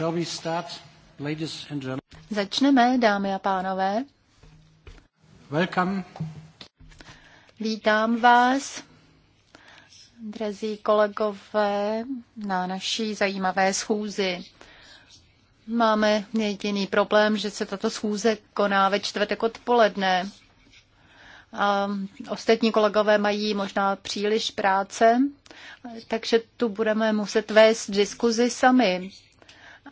Shall we start, ladies and gentlemen? Začneme, dámy a pánové. Welcome. Vítám vás, drazí kolegové, na naší zajímavé schůzi. Máme jediný problém, že se tato schůze koná ve čtvrtek odpoledne. A ostatní kolegové mají možná příliš práce, takže tu budeme muset vést diskuzi sami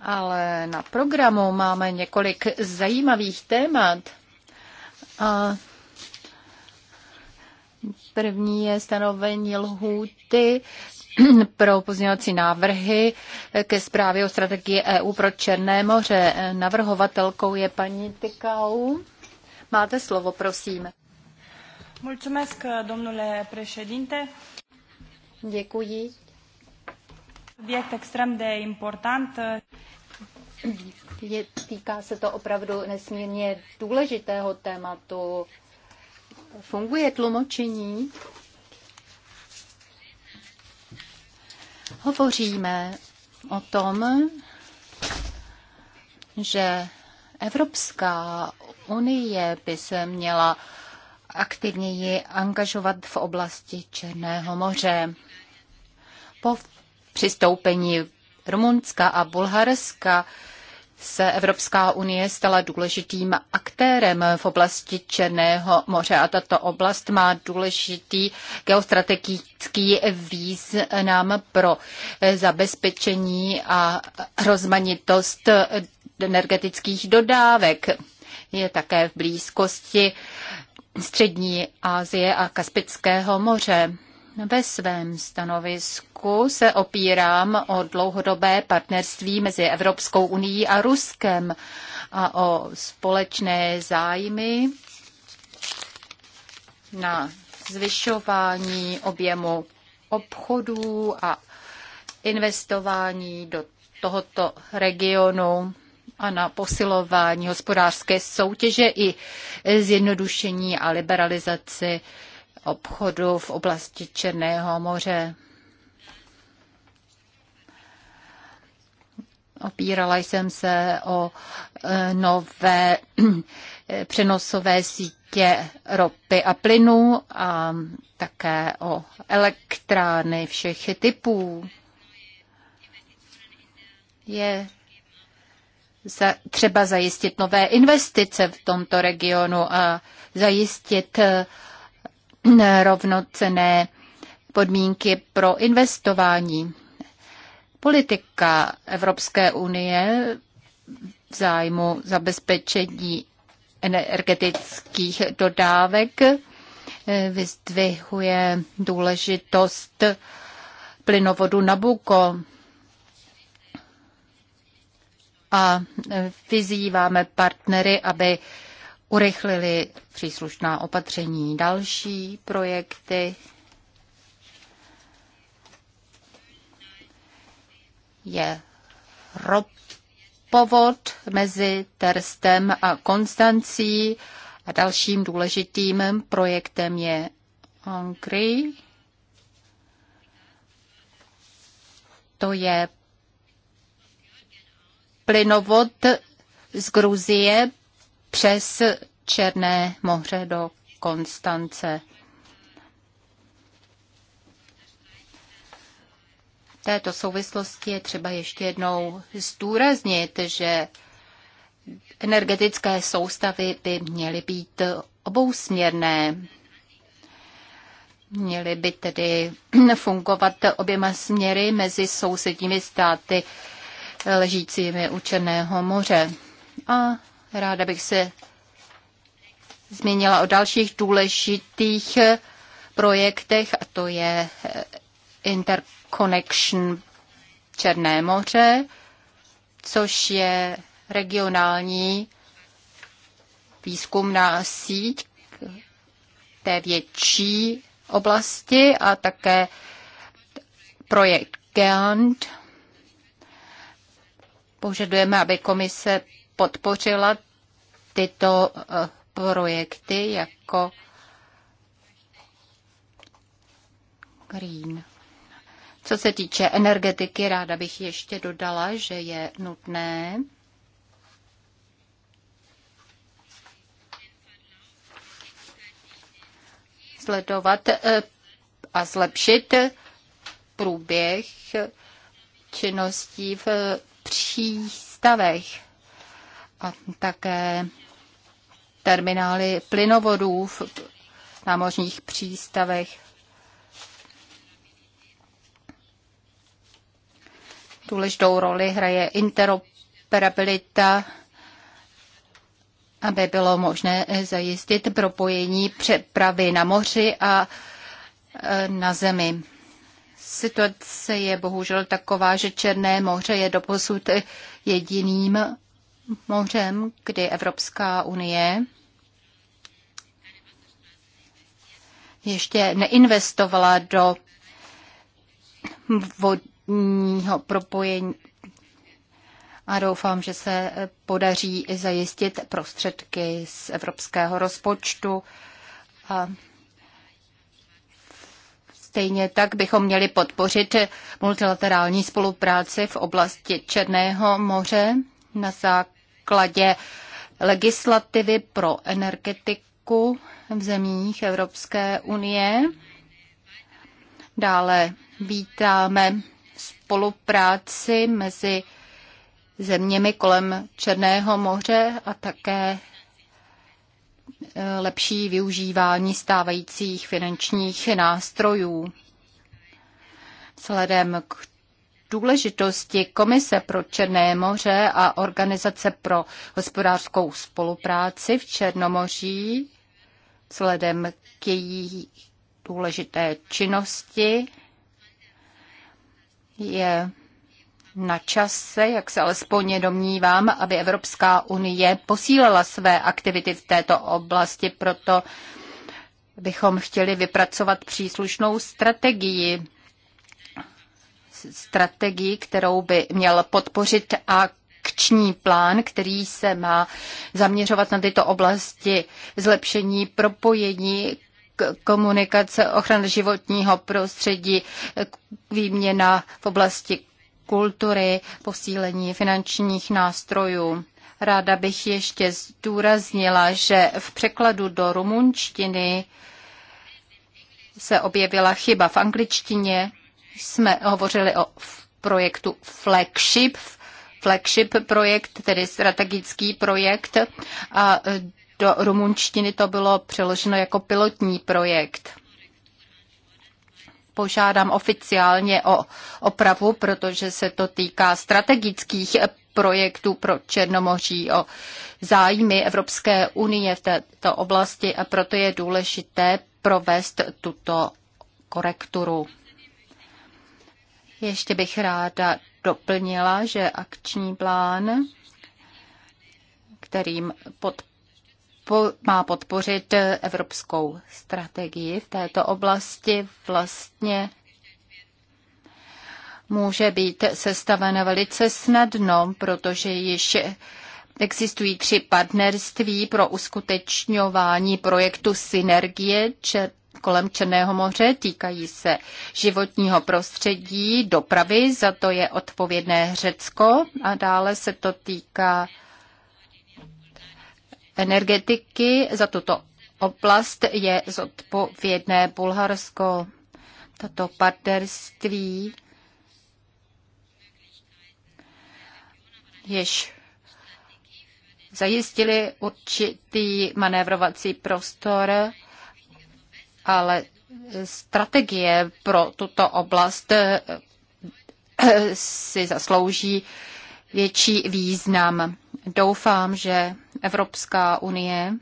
ale na programu máme několik zajímavých témat. A první je stanovení lhůty pro pozměňovací návrhy ke zprávě o strategii EU pro Černé moře. Navrhovatelkou je paní Tykau. Máte slovo, prosím. Mulțumesc, domnule președinte. Děkuji, Subjekt extrém de important. Je, týká se to opravdu nesmírně důležitého tématu. Funguje tlumočení? Hovoříme o tom, že Evropská unie by se měla aktivněji angažovat v oblasti Černého moře. Po přistoupení Rumunska a Bulharska se Evropská unie stala důležitým aktérem v oblasti Černého moře a tato oblast má důležitý geostrategický význam pro zabezpečení a rozmanitost energetických dodávek. Je také v blízkosti Střední Asie a Kaspického moře. Ve svém stanovisku se opírám o dlouhodobé partnerství mezi Evropskou unii a Ruskem a o společné zájmy na zvyšování objemu obchodů a investování do tohoto regionu a na posilování hospodářské soutěže i zjednodušení a liberalizaci obchodu v oblasti Černého moře. Opírala jsem se o e, nové přenosové sítě ropy a plynu a také o elektrárny všech typů. Je za, třeba zajistit nové investice v tomto regionu a zajistit e, rovnocené podmínky pro investování. Politika Evropské unie v zájmu zabezpečení energetických dodávek eh, vyzdvihuje důležitost plynovodu Nabuko a eh, vyzýváme partnery, aby urychlili příslušná opatření. Další projekty je ropovod mezi Terstem a Konstancí a dalším důležitým projektem je Hungry. To je plynovod z Gruzie přes Černé moře do Konstance. V této souvislosti je třeba ještě jednou zdůraznit, že energetické soustavy by měly být obousměrné. Měly by tedy fungovat oběma směry mezi sousedními státy ležícími u Černého moře. A Ráda bych se zmínila o dalších důležitých eh, projektech, a to je eh, Interconnection Černé moře, což je regionální výzkumná síť té větší oblasti a také projekt GAND. Požadujeme, aby komise podpořila tyto eh, projekty jako Green. Co se týče energetiky, ráda bych ještě dodala, že je nutné sledovat eh, a zlepšit průběh činností v přístavech a také terminály plynovodů v námořních přístavech. Důležitou roli hraje interoperabilita, aby bylo možné zajistit propojení přepravy na moři a e, na zemi. Situace je bohužel taková, že Černé moře je doposud jediným mořem, kdy Evropská unie ještě neinvestovala do vodního propojení a doufám, že se podaří zajistit prostředky z evropského rozpočtu. A stejně tak bychom měli podpořit multilaterální spolupráci v oblasti Černého moře na základě základě legislativy pro energetiku v zemích Evropské unie. Dále vítáme spolupráci mezi zeměmi kolem Černého moře a také e, lepší využívání stávajících finančních nástrojů. Vzhledem k důležitosti Komise pro Černé moře a Organizace pro hospodářskou spolupráci v Černomoří vzhledem k její důležité činnosti je na čase, jak se alespoň domnívám, aby Evropská unie posílala své aktivity v této oblasti, proto bychom chtěli vypracovat příslušnou strategii strategii, kterou by měl podpořit a akční plán, který se má zaměřovat na tyto oblasti zlepšení propojení komunikace, ochrana životního prostředí, výměna v oblasti kultury, posílení finančních nástrojů. Ráda bych ještě zdůraznila, že v překladu do rumunštiny se objevila chyba v angličtině jsme hovořili o projektu Flagship, Flagship projekt, tedy strategický projekt a do rumunštiny to bylo přeloženo jako pilotní projekt. Požádám oficiálně o opravu, protože se to týká strategických projektů pro Černomoří, o zájmy Evropské unie v této oblasti a proto je důležité provést tuto korekturu. Ještě bych ráda doplnila, že akční plán, kterým pod, po, má podpořit evropskou strategii v této oblasti, vlastně může být sestaven velice snadno, protože již existují tři partnerství pro uskutečňování projektu Synergie, čet, kolem Černého moře, týkají se životního prostředí, dopravy, za to je odpovědné Řecko a dále se to týká energetiky, za tuto oblast je zodpovědné Bulharsko. Tato partnerství jež zajistili určitý manévrovací prostor ale strategie pro tuto oblast eh, si zaslouží větší význam. Doufám, že Evropská unie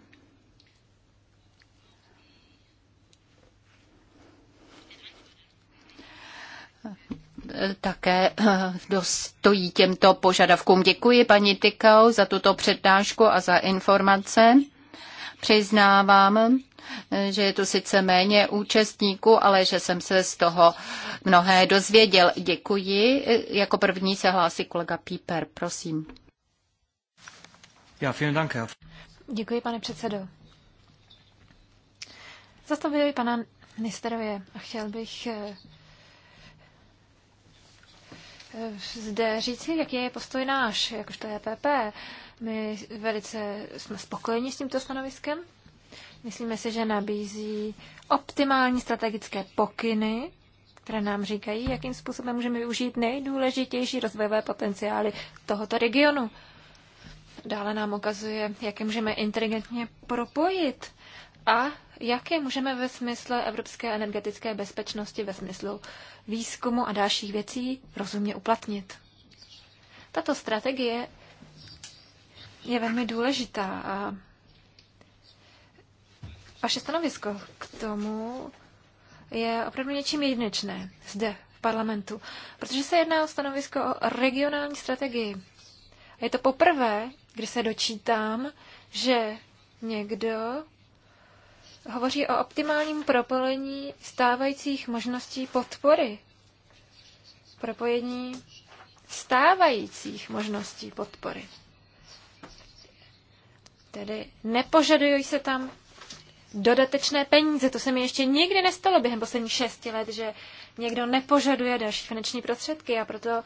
také eh, dostojí těmto požadavkům. Děkuji paní Tykau za tuto přednášku a za informace. Přiznávám, že je tu sice méně účastníků, ale že jsem se z toho mnohé dozvěděl. Děkuji. Jako první se hlásí kolega Píper, prosím. Já, vielen Dank, Děkuji, pane předsedo. Zastavili pana Nisterově a chtěl bych eh, eh, zde říci, jaký je postoj náš, jakožto EPP. My velice jsme spokojeni s tímto stanoviskem. Myslíme si, že nabízí optimální strategické pokyny, které nám říkají, jakým způsobem můžeme využít nejdůležitější rozvojové potenciály tohoto regionu. Dále nám ukazuje, jak je můžeme inteligentně propojit a jak je můžeme ve smyslu evropské energetické bezpečnosti, ve smyslu výzkumu a dalších věcí rozumně uplatnit. Tato strategie je velmi důležitá a vaše stanovisko k tomu je opravdu něčím jedinečné zde v parlamentu, protože se jedná o stanovisko o regionální strategii. A je to poprvé, kdy se dočítám, že někdo hovoří o optimálním propojení stávajících možností podpory. Propojení stávajících možností podpory. Tedy nepožadují se tam dodatečné peníze. To se mi ještě nikdy nestalo během posledních šesti let, že někdo nepožaduje další finanční prostředky a proto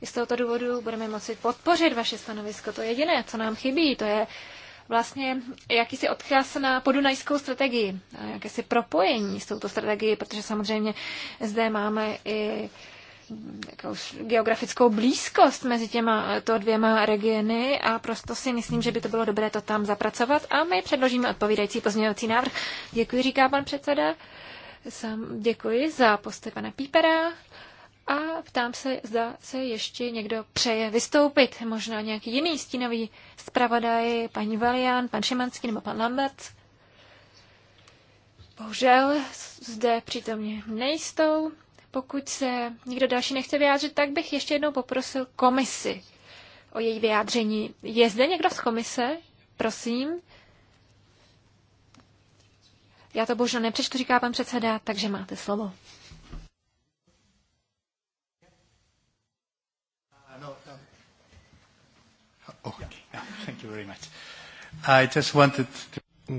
i z tohoto důvodu budeme moci podpořit vaše stanovisko. To je jediné, co nám chybí, to je vlastně jakýsi odkaz na podunajskou strategii, jakési propojení s touto strategií, protože samozřejmě zde máme i geografickou blízkost mezi těma eh, to dvěma regiony a prosto si myslím, že by to bylo dobré to tam zapracovat a my předložíme odpovídající pozměňovací návrh. Děkuji, říká pan předseda. Sam děkuji za posty pana Pípera a ptám se, zda se ještě někdo přeje vystoupit. Možná nějaký jiný stínový zpravodaj, paní Valian, pan Šimanský nebo pan Lambert. Bohužel zde přítomně nejstou. Pokud se nikdo další nechce vyjádřit, tak bych ještě jednou poprosil komisi o její vyjádření. Je zde někdo z komise? Prosím. Já to bohužel nepřečtu, říká pan předseda, takže máte slovo.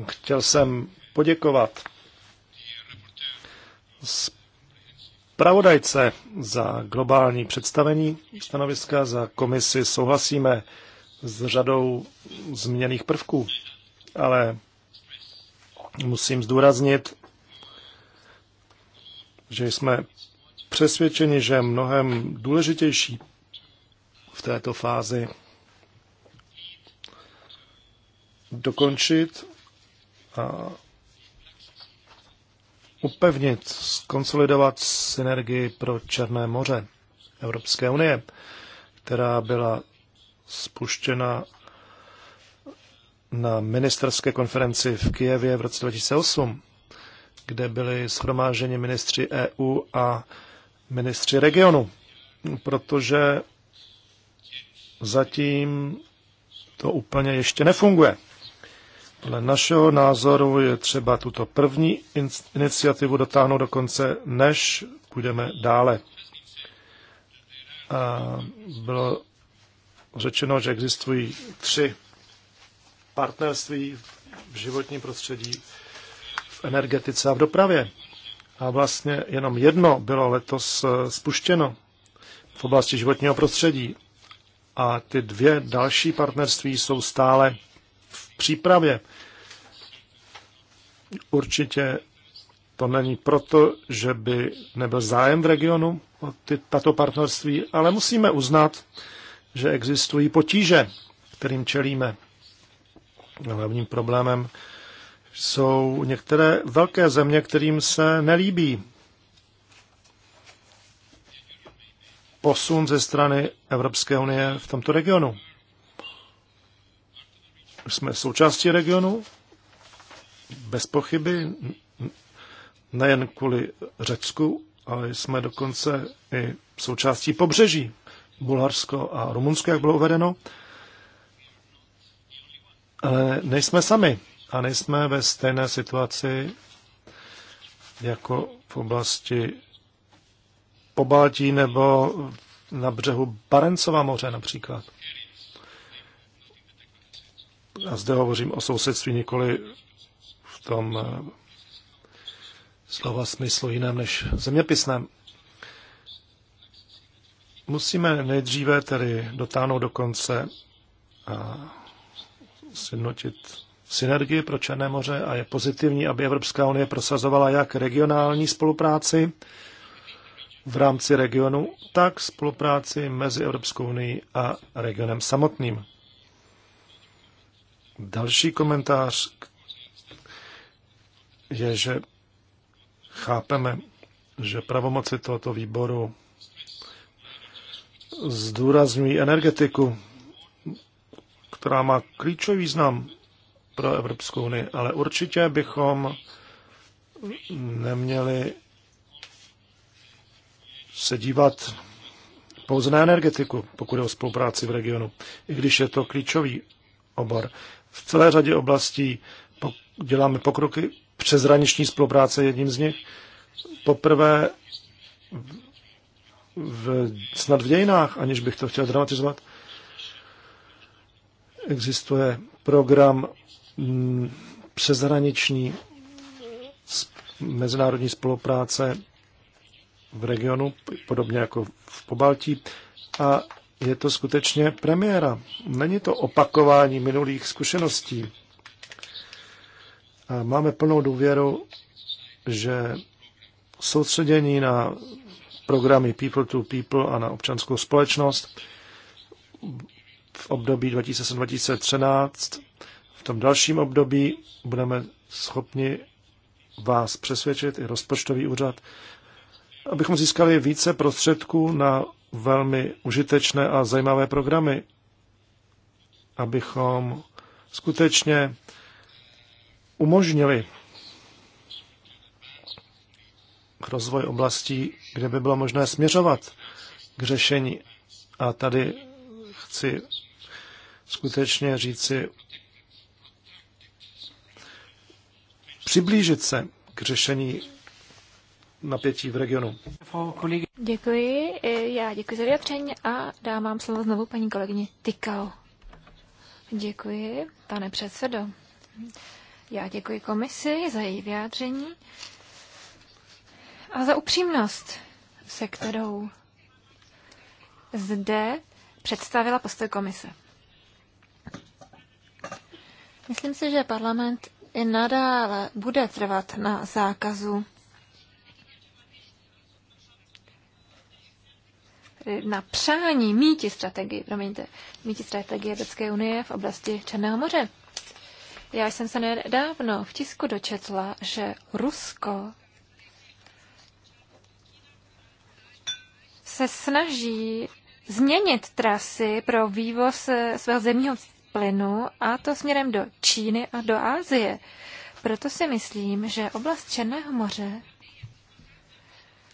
Chtěl jsem poděkovat zpravodajce za globální představení stanoviska za komisi. Souhlasíme s řadou změněných prvků, ale musím zdůraznit, že jsme přesvědčeni, že mnohem důležitější v této fázi dokončit a upevnit, skonsolidovat synergii pro Černé moře Evropské unie, která byla spuštěna na ministerské konferenci v Kijevě v roce 2008, kde byly schromáženi ministři EU a ministři regionu, protože zatím to úplně ještě nefunguje. Podle našeho názoru je třeba tuto první iniciativu dotáhnout do konce, než půjdeme dále. A bylo řečeno, že existují tři partnerství v životním prostředí, v energetice a v dopravě. A vlastně jenom jedno bylo letos eh, spuštěno v oblasti životního prostředí. A ty dvě další partnerství jsou stále přípravě. Určitě to není proto, že by nebyl zájem v regionu o ty, tato partnerství, ale musíme uznat, že existují potíže, kterým čelíme. Hlavním problémem jsou některé velké země, kterým se nelíbí posun ze strany Evropské unie v tomto regionu jsme součástí regionu, bez pochyby, nejen kvůli Řecku, ale jsme dokonce i součástí pobřeží. Bulharsko a Rumunsko, jak bylo uvedeno. Ale nejsme sami a nejsme ve stejné situaci jako v oblasti Pobaltí nebo na břehu Barencova moře například a zde hovořím o sousedství nikoli v tom eh, slova smyslu jiném než zeměpisném. Musíme nejdříve tedy dotáhnout do konce a sjednotit synergii pro Černé moře a je pozitivní, aby Evropská unie prosazovala jak regionální spolupráci v rámci regionu, tak spolupráci mezi Evropskou unii a regionem samotným. Další komentář je, že chápeme, že pravomoci tohoto výboru zdůrazňují energetiku, která má klíčový význam pro Evropskou unii, ale určitě bychom neměli se dívat pouze na energetiku, pokud je o spolupráci v regionu, i když je to klíčový obor v celé řadě oblastí děláme pokroky. Přezraniční spolupráce je jedním z nich. Poprvé v, snad v dějinách, aniž bych to chtěl dramatizovat, existuje program mm, přezhraniční mezinárodní spolupráce v regionu, podobně jako v Pobaltí. A je to skutečně premiéra. Není to opakování minulých zkušeností. A máme plnou důvěru, že soustředění na programy People to People a na občanskou společnost v období 2007-2013, v tom dalším období budeme schopni vás přesvědčit i rozpočtový úřad, abychom získali více prostředků na velmi užitečné a zajímavé programy, abychom skutečně umožnili rozvoj oblastí, kde by bylo možné směřovat k řešení. A tady chci skutečně říci, přiblížit se k řešení napětí v regionu. Děkuji, já děkuji za vyjadření a dám vám slovo znovu paní kolegyně Tykal. Děkuji, pane předsedo. Já děkuji komisi za její vyjádření a za upřímnost, se kterou zde představila postoj komise. Myslím si, že parlament i nadále bude trvat na zákazu na přání míti strategii, promiňte, míti strategie Evropské unie v oblasti Černého moře. Já jsem se nedávno v tisku dočetla, že Rusko se snaží změnit trasy pro vývoz eh, svého zemního plynu a to směrem do Číny a do Ázie. Proto si myslím, že oblast Černého moře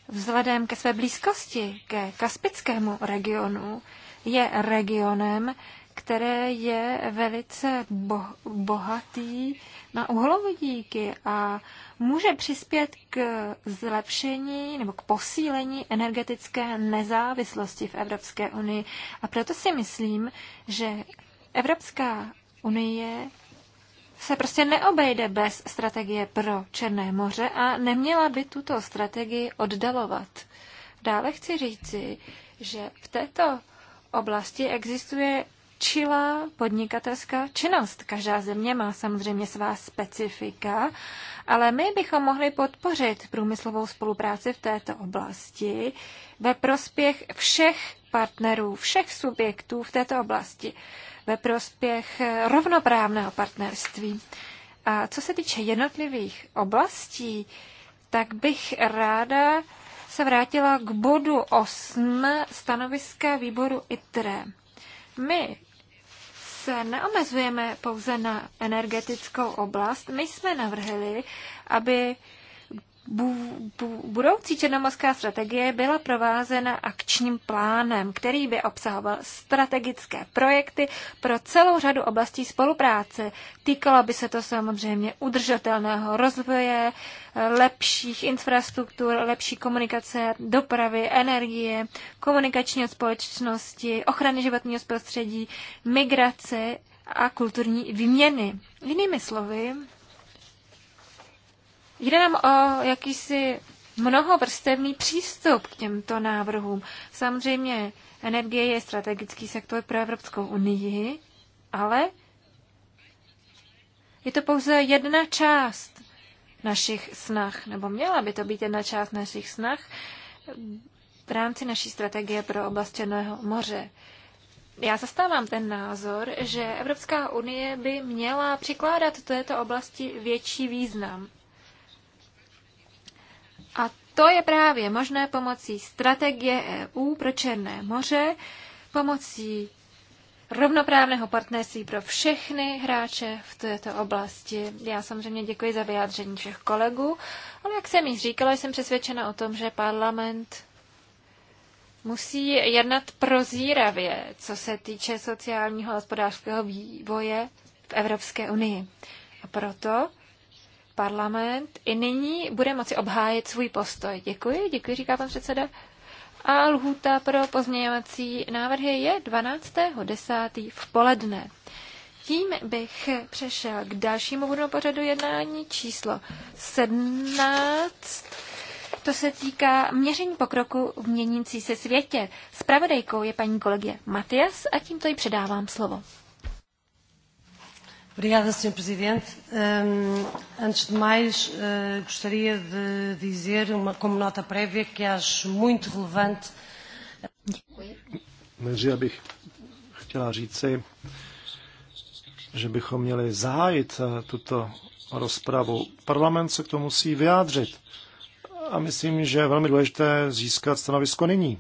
vzhledem ke své blízkosti ke Kaspickému regionu je regionem, které je velice bo- bohatý na uhlovodíky a může přispět k zlepšení nebo k posílení energetické nezávislosti v Evropské unii. A proto si myslím, že Evropská unie se prostě neobejde bez strategie pro Černé moře a neměla by tuto strategii oddalovat. Dále chci říci, že v této oblasti existuje čilá podnikatelská činnost. Každá země má samozřejmě svá specifika, ale my bychom mohli podpořit průmyslovou spolupráci v této oblasti ve prospěch všech partnerů, všech subjektů v této oblasti ve prospěch eh, rovnoprávného partnerství. A co se týče jednotlivých oblastí, tak bych ráda se vrátila k bodu 8 stanoviska výboru ITRE. My se neomezujeme pouze na energetickou oblast. My jsme navrhli, aby budoucí černomorská strategie byla provázena akčním plánem, který by obsahoval strategické projekty pro celou řadu oblastí spolupráce. Týkalo by se to samozřejmě udržitelného rozvoje, lepších infrastruktur, lepší komunikace, dopravy, energie, komunikační společnosti, ochrany životního prostředí, migrace a kulturní výměny. Jinými slovy, Jde nám o jakýsi mnohovrstevný přístup k těmto návrhům. Samozřejmě energie je strategický sektor pro Evropskou unii, ale je to pouze jedna část našich snah, nebo měla by to být jedna část našich snah v rámci naší strategie pro oblast Černého moře. Já zastávám ten názor, že Evropská unie by měla přikládat této oblasti větší význam. A to je právě možné pomocí strategie EU pro Černé moře, pomocí rovnoprávného partnerství pro všechny hráče v této oblasti. Já samozřejmě děkuji za vyjádření všech kolegů, ale jak jsem již říkala, jsem přesvědčena o tom, že parlament musí jednat prozíravě, co se týče sociálního a hospodářského vývoje v Evropské unii. A proto parlament i nyní bude moci obhájit svůj postoj. Děkuji, děkuji, říká pan předseda. A lhůta pro pozměňovací návrhy je 12.10. v poledne. Tím bych přešel k dalšímu bodu pořadu jednání číslo 17. To se týká měření pokroku v měnící se světě. Spravodajkou je paní kolegě Matias a tímto ji předávám slovo. Obrigada, Sr. Presidente. Um, antes de mais, uh, gostaria de dizer, uma, como nota prévia, que acho muito relevante. Děkuji. Nejdříve bych chtěla říci, že bychom měli zahájit ah, tuto rozpravu. Parlament se k tomu musí vyjádřit. A myslím, že je velmi důležité získat stanovisko nyní.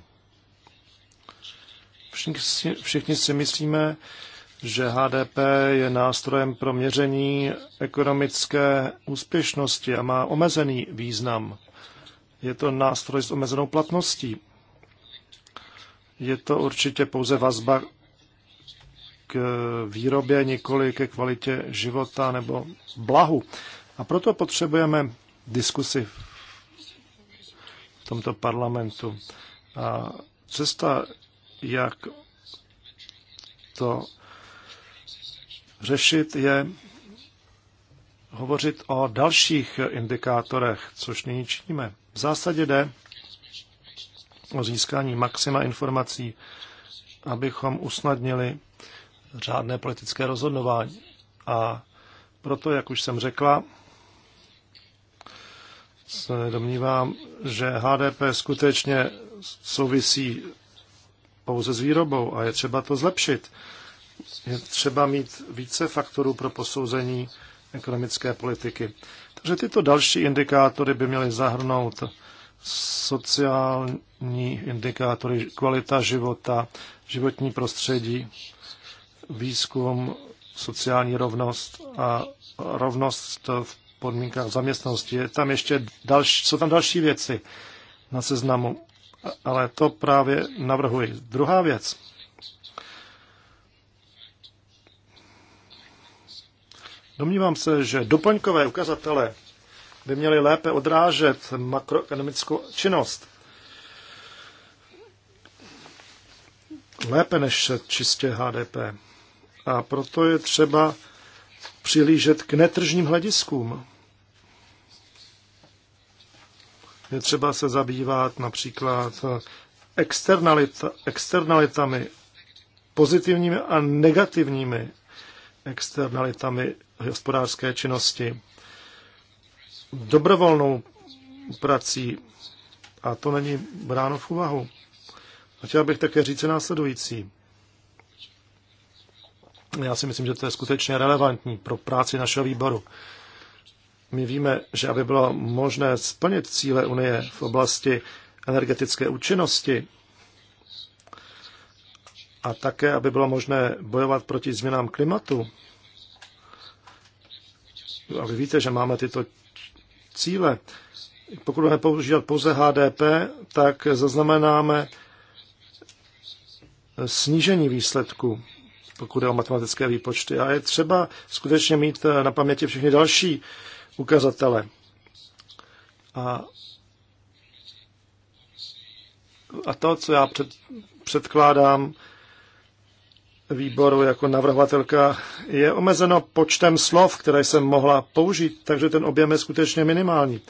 Všichni si, všichni si myslíme, že HDP je nástrojem pro měření ekonomické úspěšnosti a má omezený význam. Je to nástroj s omezenou platností. Je to určitě pouze vazba k výrobě, nikoli ke kvalitě života nebo blahu. A proto potřebujeme diskusi v tomto parlamentu. A cesta, jak to řešit, je hovořit o dalších indikátorech, což nyní činíme. V zásadě jde o získání maxima informací, abychom usnadnili řádné politické rozhodování. A proto, jak už jsem řekla, se domnívám, že HDP skutečně souvisí pouze s výrobou a je třeba to zlepšit je třeba mít více faktorů pro posouzení ekonomické politiky. Takže tyto další indikátory by měly zahrnout sociální indikátory, kvalita života, životní prostředí, výzkum, sociální rovnost a rovnost v podmínkách zaměstnanosti. Je tam ještě další, jsou tam další věci na seznamu, ale to právě navrhuji. Druhá věc, Domnívám se, že doplňkové ukazatele by měly lépe odrážet makroekonomickou činnost. Lépe než čistě HDP. A proto je třeba přilížet k netržním hlediskům. Je třeba se zabývat například externalita, externalitami, pozitivními a negativními externalitami hospodářské činnosti dobrovolnou prací a to není bráno v úvahu. A chtěl bych také říct následující. Já si myslím, že to je skutečně relevantní pro práci našeho výboru. My víme, že aby bylo možné splnit cíle Unie v oblasti energetické účinnosti a také, aby bylo možné bojovat proti změnám klimatu, a vy víte, že máme tyto cíle. Pokud budeme používat pouze HDP, tak zaznamenáme snížení výsledku, pokud je o matematické výpočty. A je třeba skutečně mít na paměti všechny další ukazatele. A, a to, co já před, předkládám, výboru jako navrhovatelka je omezeno počtem slov, které jsem mohla použít, takže ten objem je skutečně minimální.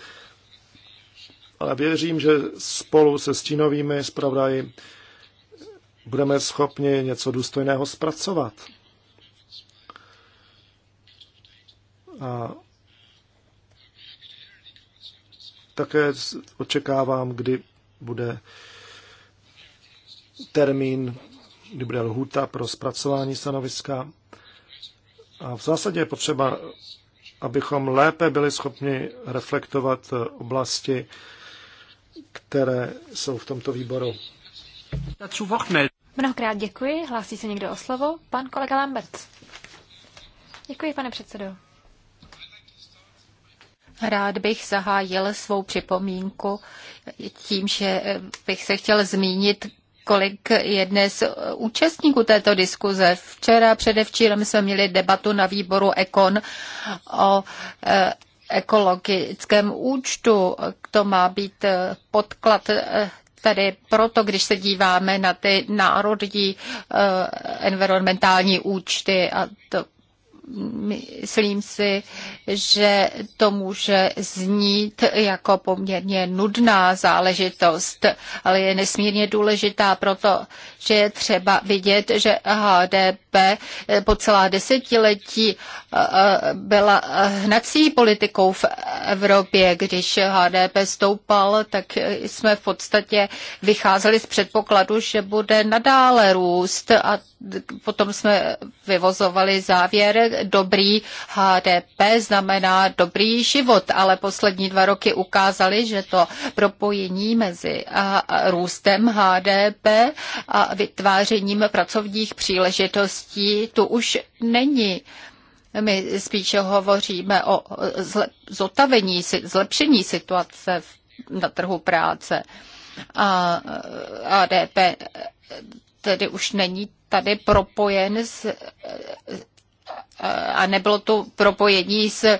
Ale věřím, že spolu se stínovými zpravodaji budeme schopni něco důstojného zpracovat. A také očekávám, kdy bude termín kdy bude lhůta pro zpracování stanoviska. A v zásadě je potřeba, abychom lépe byli schopni reflektovat oblasti, které jsou v tomto výboru. Mnohokrát děkuji. Hlásí se někdo o slovo? Pan kolega Lambert. Děkuji, pane předsedo. Rád bych zahájil svou připomínku tím, že bych se chtěl zmínit kolik je dnes účastníků této diskuze. Včera předevčírem jsme měli debatu na výboru Ekon o eh, ekologickém účtu. To má být eh, podklad eh, tady proto, když se díváme na ty národní environmentální účty a to myslím si, že to může znít jako poměrně nudná záležitost, ale je nesmírně důležitá proto, že je třeba vidět, že HDP po celá desetiletí eh, byla hnací politikou v Evropě. Když HDP stoupal, tak jsme v podstatě vycházeli z předpokladu, že bude nadále růst a potom jsme vyvozovali závěr, dobrý HDP znamená dobrý život, ale poslední dva roky ukázaly, že to propojení mezi růstem HDP a vytvářením pracovních příležitostí tu už není. My spíše hovoříme o zotavení, zlepšení situace na trhu práce. A ADP tedy už není tady propojen s, a nebylo to propojení s, eh,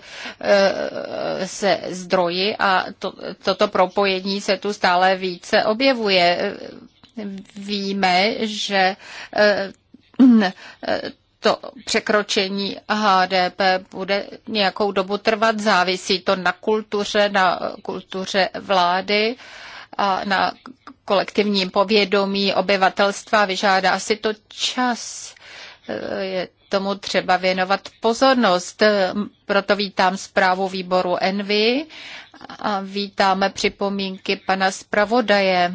se zdroji a to, toto propojení se tu stále více objevuje. Víme, že eh, to překročení HDP bude nějakou dobu trvat, závisí to na kultuře, na kultuře vlády a na kolektivním povědomí obyvatelstva, vyžádá si to čas je tomu třeba věnovat pozornost. Proto vítám zprávu výboru Envy a vítáme připomínky pana zpravodaje.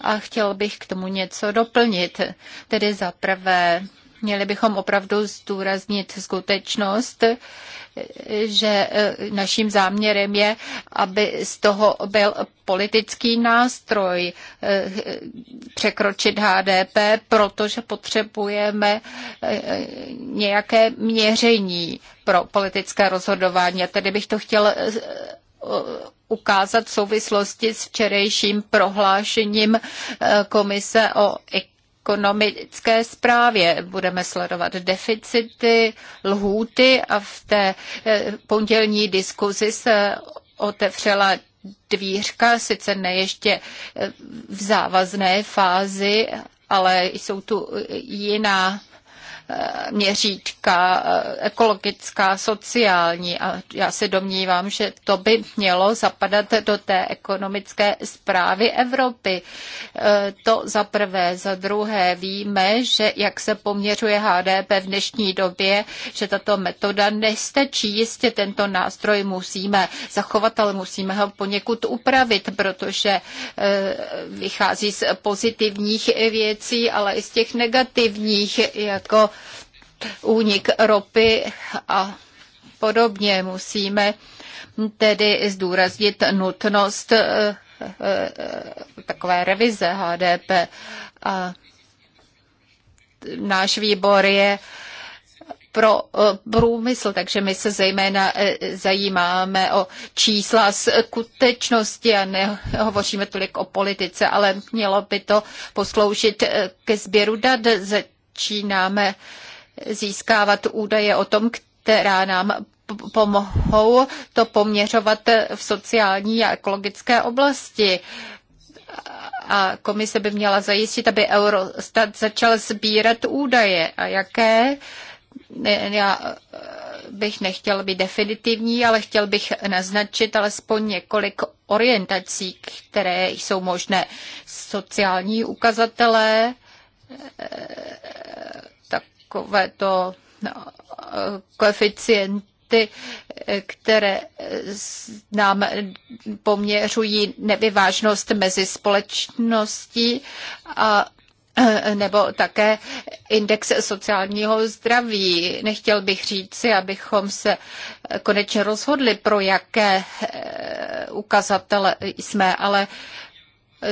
A chtěl bych k tomu něco doplnit. Tedy za prvé Měli bychom opravdu zdůraznit skutečnost, že e, naším záměrem je, aby z toho byl politický nástroj e, překročit HDP, protože potřebujeme e, nějaké měření pro politické rozhodování. A tady bych to chtěl ukázat v souvislosti s včerejším prohlášením Komise o ekonomické zprávě. Budeme sledovat deficity, lhůty a v té eh, pondělní diskuzi se otevřela dvířka, sice ne ještě eh, v závazné fázi, ale jsou tu jiná Eh, měřítka eh, ekologická, sociální a já se domnívám, že to by mělo zapadat do té ekonomické zprávy Evropy. Eh, to za prvé. Za druhé víme, že jak se poměřuje HDP v dnešní době, že tato metoda nestačí. Jistě tento nástroj musíme zachovat, ale musíme ho poněkud upravit, protože vychází z pozitivních věcí, ale i z těch negativních, jako únik ropy a podobně. Musíme tedy zdůraznit nutnost eh, eh, takové revize HDP. A náš výbor je pro eh, průmysl, takže my se zejména zajímáme o čísla skutečnosti a nehovoříme tolik o politice, ale mělo by to posloužit ke sběru dat. Začínáme získávat údaje o tom, která nám pomohou to poměřovat v sociální a ekologické oblasti. A komise by měla zajistit, aby Eurostat začal sbírat údaje. A jaké? Já eh, bych nechtěl být definitivní, ale chtěl bych naznačit alespoň několik orientací, které jsou možné. Sociální ukazatele, eh, takovéto no, koeficienty, které nám poměřují nevyvážnost mezi společností a nebo také index sociálního zdraví. Nechtěl bych říci, abychom se konečně rozhodli, pro jaké eh, ukazatele jsme, ale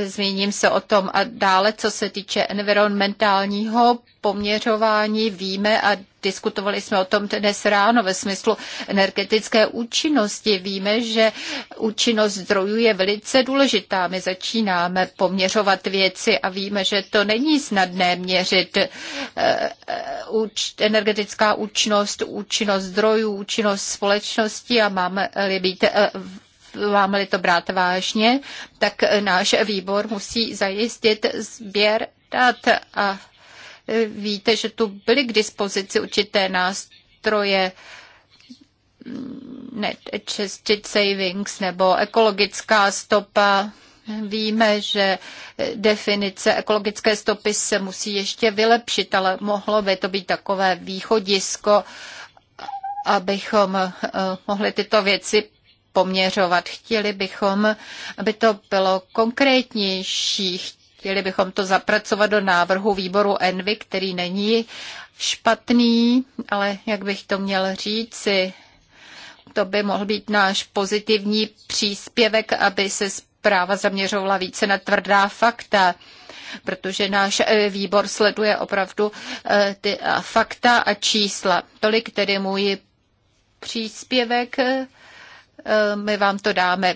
Zmíním se o tom a dále, co se týče environmentálního poměřování, víme a diskutovali jsme o tom dnes ráno ve smyslu energetické účinnosti. Víme, že účinnost zdrojů je velice důležitá. My začínáme poměřovat věci a víme, že to není snadné měřit eh, eh, energetická účinnost, účinnost zdrojů, účinnost společnosti a máme-li být eh, máme-li to brát vážně, tak náš výbor musí zajistit sběr dat a e, víte, že tu byly k dispozici určité nástroje, mm, ne, čistit savings nebo ekologická stopa. Víme, že e, definice ekologické stopy se musí ještě vylepšit, ale mohlo by to být takové východisko, abychom e, mohli tyto věci poměřovat. Chtěli bychom, aby to bylo konkrétnější. Chtěli bychom to zapracovat do návrhu výboru Envy, který není špatný, ale jak bych to měl říci, to by mohl být náš pozitivní příspěvek, aby se zpráva zaměřovala více na tvrdá fakta, protože náš eh, výbor sleduje opravdu eh, ty fakta a čísla. Tolik tedy můj příspěvek Eh, my vám to dáme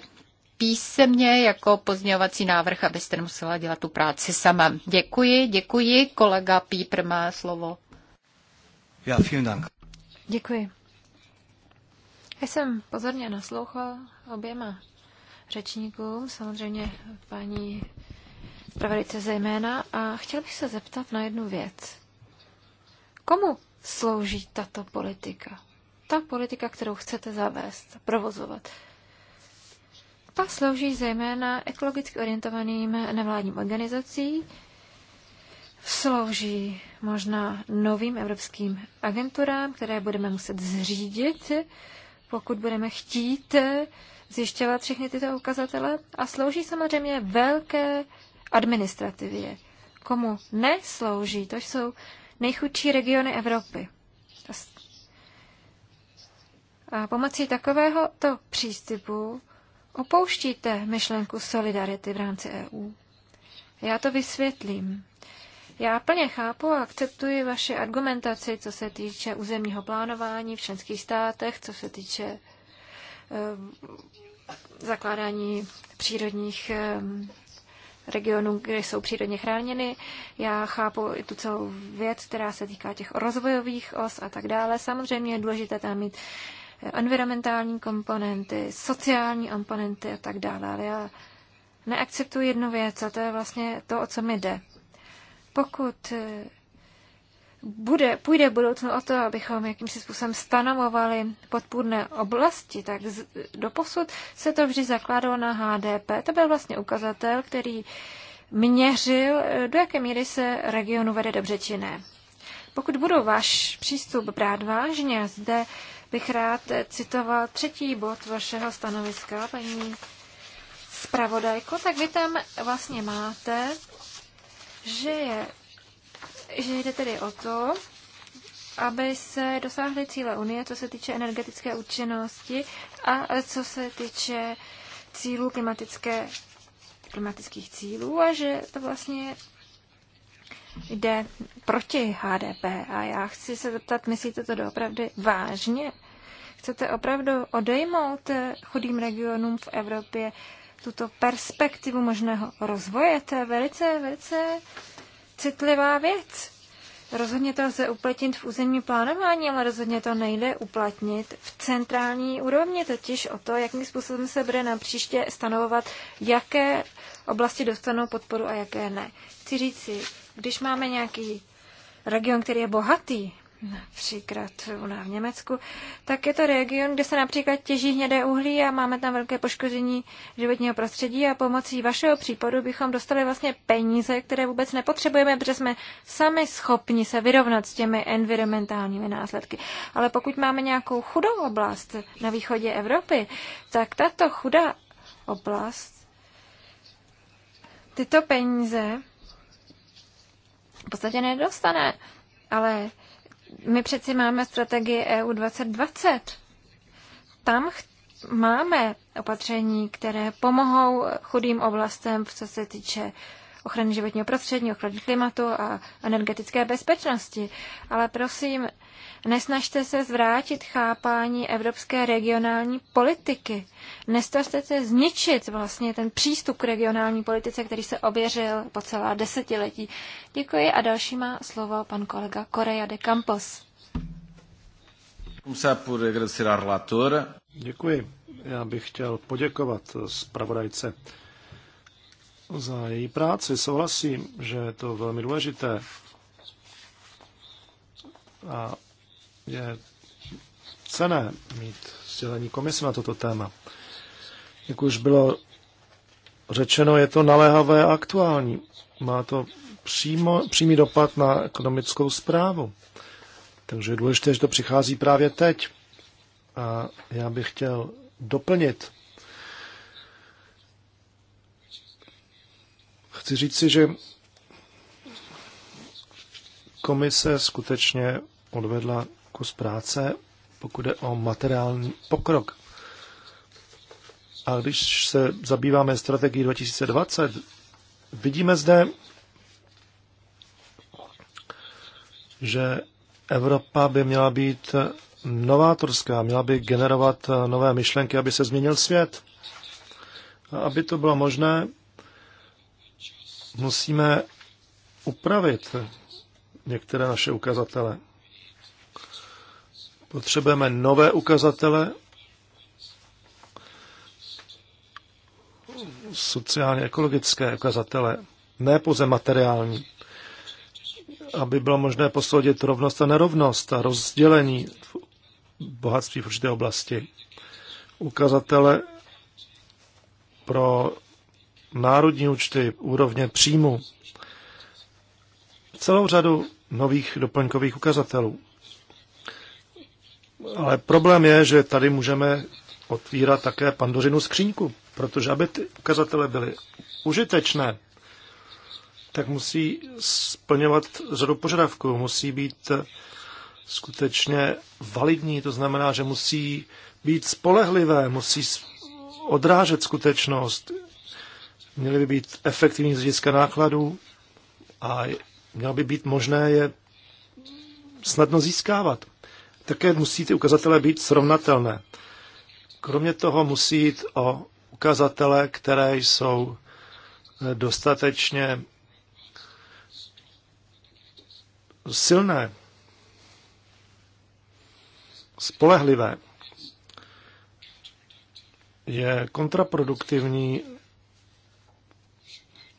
písemně jako pozměňovací návrh, abyste nemusela dělat tu práci sama. Děkuji, děkuji. Kolega Pípr má slovo. Já, vielen Dank. Děkuji. Já jsem pozorně naslouchal oběma řečníkům, samozřejmě paní zpravodajce zejména, a chtěl bych se zeptat na jednu věc. Komu slouží tato politika? ta politika, kterou chcete zavést, provozovat. Ta slouží zejména ekologicky orientovaným nevládním organizacím, slouží možná novým evropským agenturám, které budeme muset zřídit, pokud budeme chtít zjišťovat všechny tyto ukazatele a slouží samozřejmě velké administrativě. Komu neslouží, to jsou nejchudší regiony Evropy. A pomocí takovéhoto přístupu opouštíte myšlenku solidarity v rámci EU. Já to vysvětlím. Já plně chápu a akceptuji vaše argumentaci, co se týče územního plánování v členských státech, co se týče e, zakládání přírodních e, regionů, kde jsou přírodně chráněny. Já chápu i tu celou věc, která se týká těch rozvojových os a tak dále. Samozřejmě je důležité tam mít environmentální komponenty, sociální komponenty a tak dále. Ale já neakceptuji jednu věc a to je vlastně to, o co mi jde. Pokud eh, bude, půjde budoucnu o to, abychom jakýmsi způsobem stanovovali podpůrné oblasti, tak z, doposud se to vždy zakládalo na HDP. To byl vlastně ukazatel, který měřil, eh, do jaké míry se regionu vede dobře či ne. Pokud budu váš přístup brát vážně, zde bych rád citoval třetí bod vašeho stanoviska, paní zpravodajko, tak vy tam vlastně máte, že, je, že jde tedy o to, aby se dosáhly cíle Unie, co se týče energetické účinnosti a co se týče cílů klimatické, klimatických cílů a že to vlastně jde proti HDP a já chci se zeptat, myslíte to doopravdy vážně? Chcete opravdu odejmout chudým regionům v Evropě tuto perspektivu možného rozvoje? To je velice, velice citlivá věc. Rozhodně to lze uplatnit v územní plánování, ale rozhodně to nejde uplatnit v centrální úrovni, totiž o to, jakým způsobem se bude na příště stanovovat, jaké oblasti dostanou podporu a jaké ne. Chci říct si, když máme nějaký region, který je bohatý, například u nás v Německu, tak je to region, kde se například těží hnědé uhlí a máme tam velké poškození životního prostředí a pomocí vašeho případu bychom dostali vlastně peníze, které vůbec nepotřebujeme, protože jsme sami schopni se vyrovnat s těmi environmentálními následky. Ale pokud máme nějakou chudou oblast na východě Evropy, tak tato chudá oblast tyto peníze v podstatě nedostane. Ale my přeci máme strategii EU 2020. Tam máme opatření, které pomohou chudým oblastem, co se týče ochrany životního prostředí, ochrany klimatu a energetické bezpečnosti. Ale prosím, nesnažte se zvrátit chápání evropské regionální politiky. Nesnažte se zničit vlastně ten přístup k regionální politice, který se oběřil po celá desetiletí. Děkuji a další má slovo pan kolega Korea de Campos. Děkuji. Já bych chtěl poděkovat zpravodajce za její práci. Souhlasím, že je to velmi důležité. A je cené mít sdělení komise na toto téma. Jak už bylo řečeno, je to naléhavé a aktuální. Má to přímo, přímý dopad na ekonomickou zprávu. Takže je důležité, že to přichází právě teď. A já bych chtěl doplnit Chci si, že komise skutečně odvedla kus práce, pokud je o materiální pokrok. A když se zabýváme strategií 2020, vidíme zde, že Evropa by měla být novátorská, měla by generovat nové myšlenky, aby se změnil svět. A aby to bylo možné, musíme upravit některé naše ukazatele. Potřebujeme nové ukazatele sociálně ekologické ukazatele, ne pouze materiální, aby bylo možné posoudit rovnost a nerovnost a rozdělení v bohatství v určité oblasti. Ukazatele pro národní účty, úrovně příjmu, celou řadu nových doplňkových ukazatelů. Ale problém je, že tady můžeme otvírat také pandořinu skříňku, protože aby ty ukazatele byly užitečné, tak musí splňovat řadu požadavků, musí být skutečně validní, to znamená, že musí být spolehlivé, musí odrážet skutečnost, měly by být efektivní z hlediska nákladů a mělo by být možné je snadno získávat. Také musí ty ukazatele být srovnatelné. Kromě toho musí jít o ukazatele, které jsou eh, dostatečně silné, spolehlivé. Je kontraproduktivní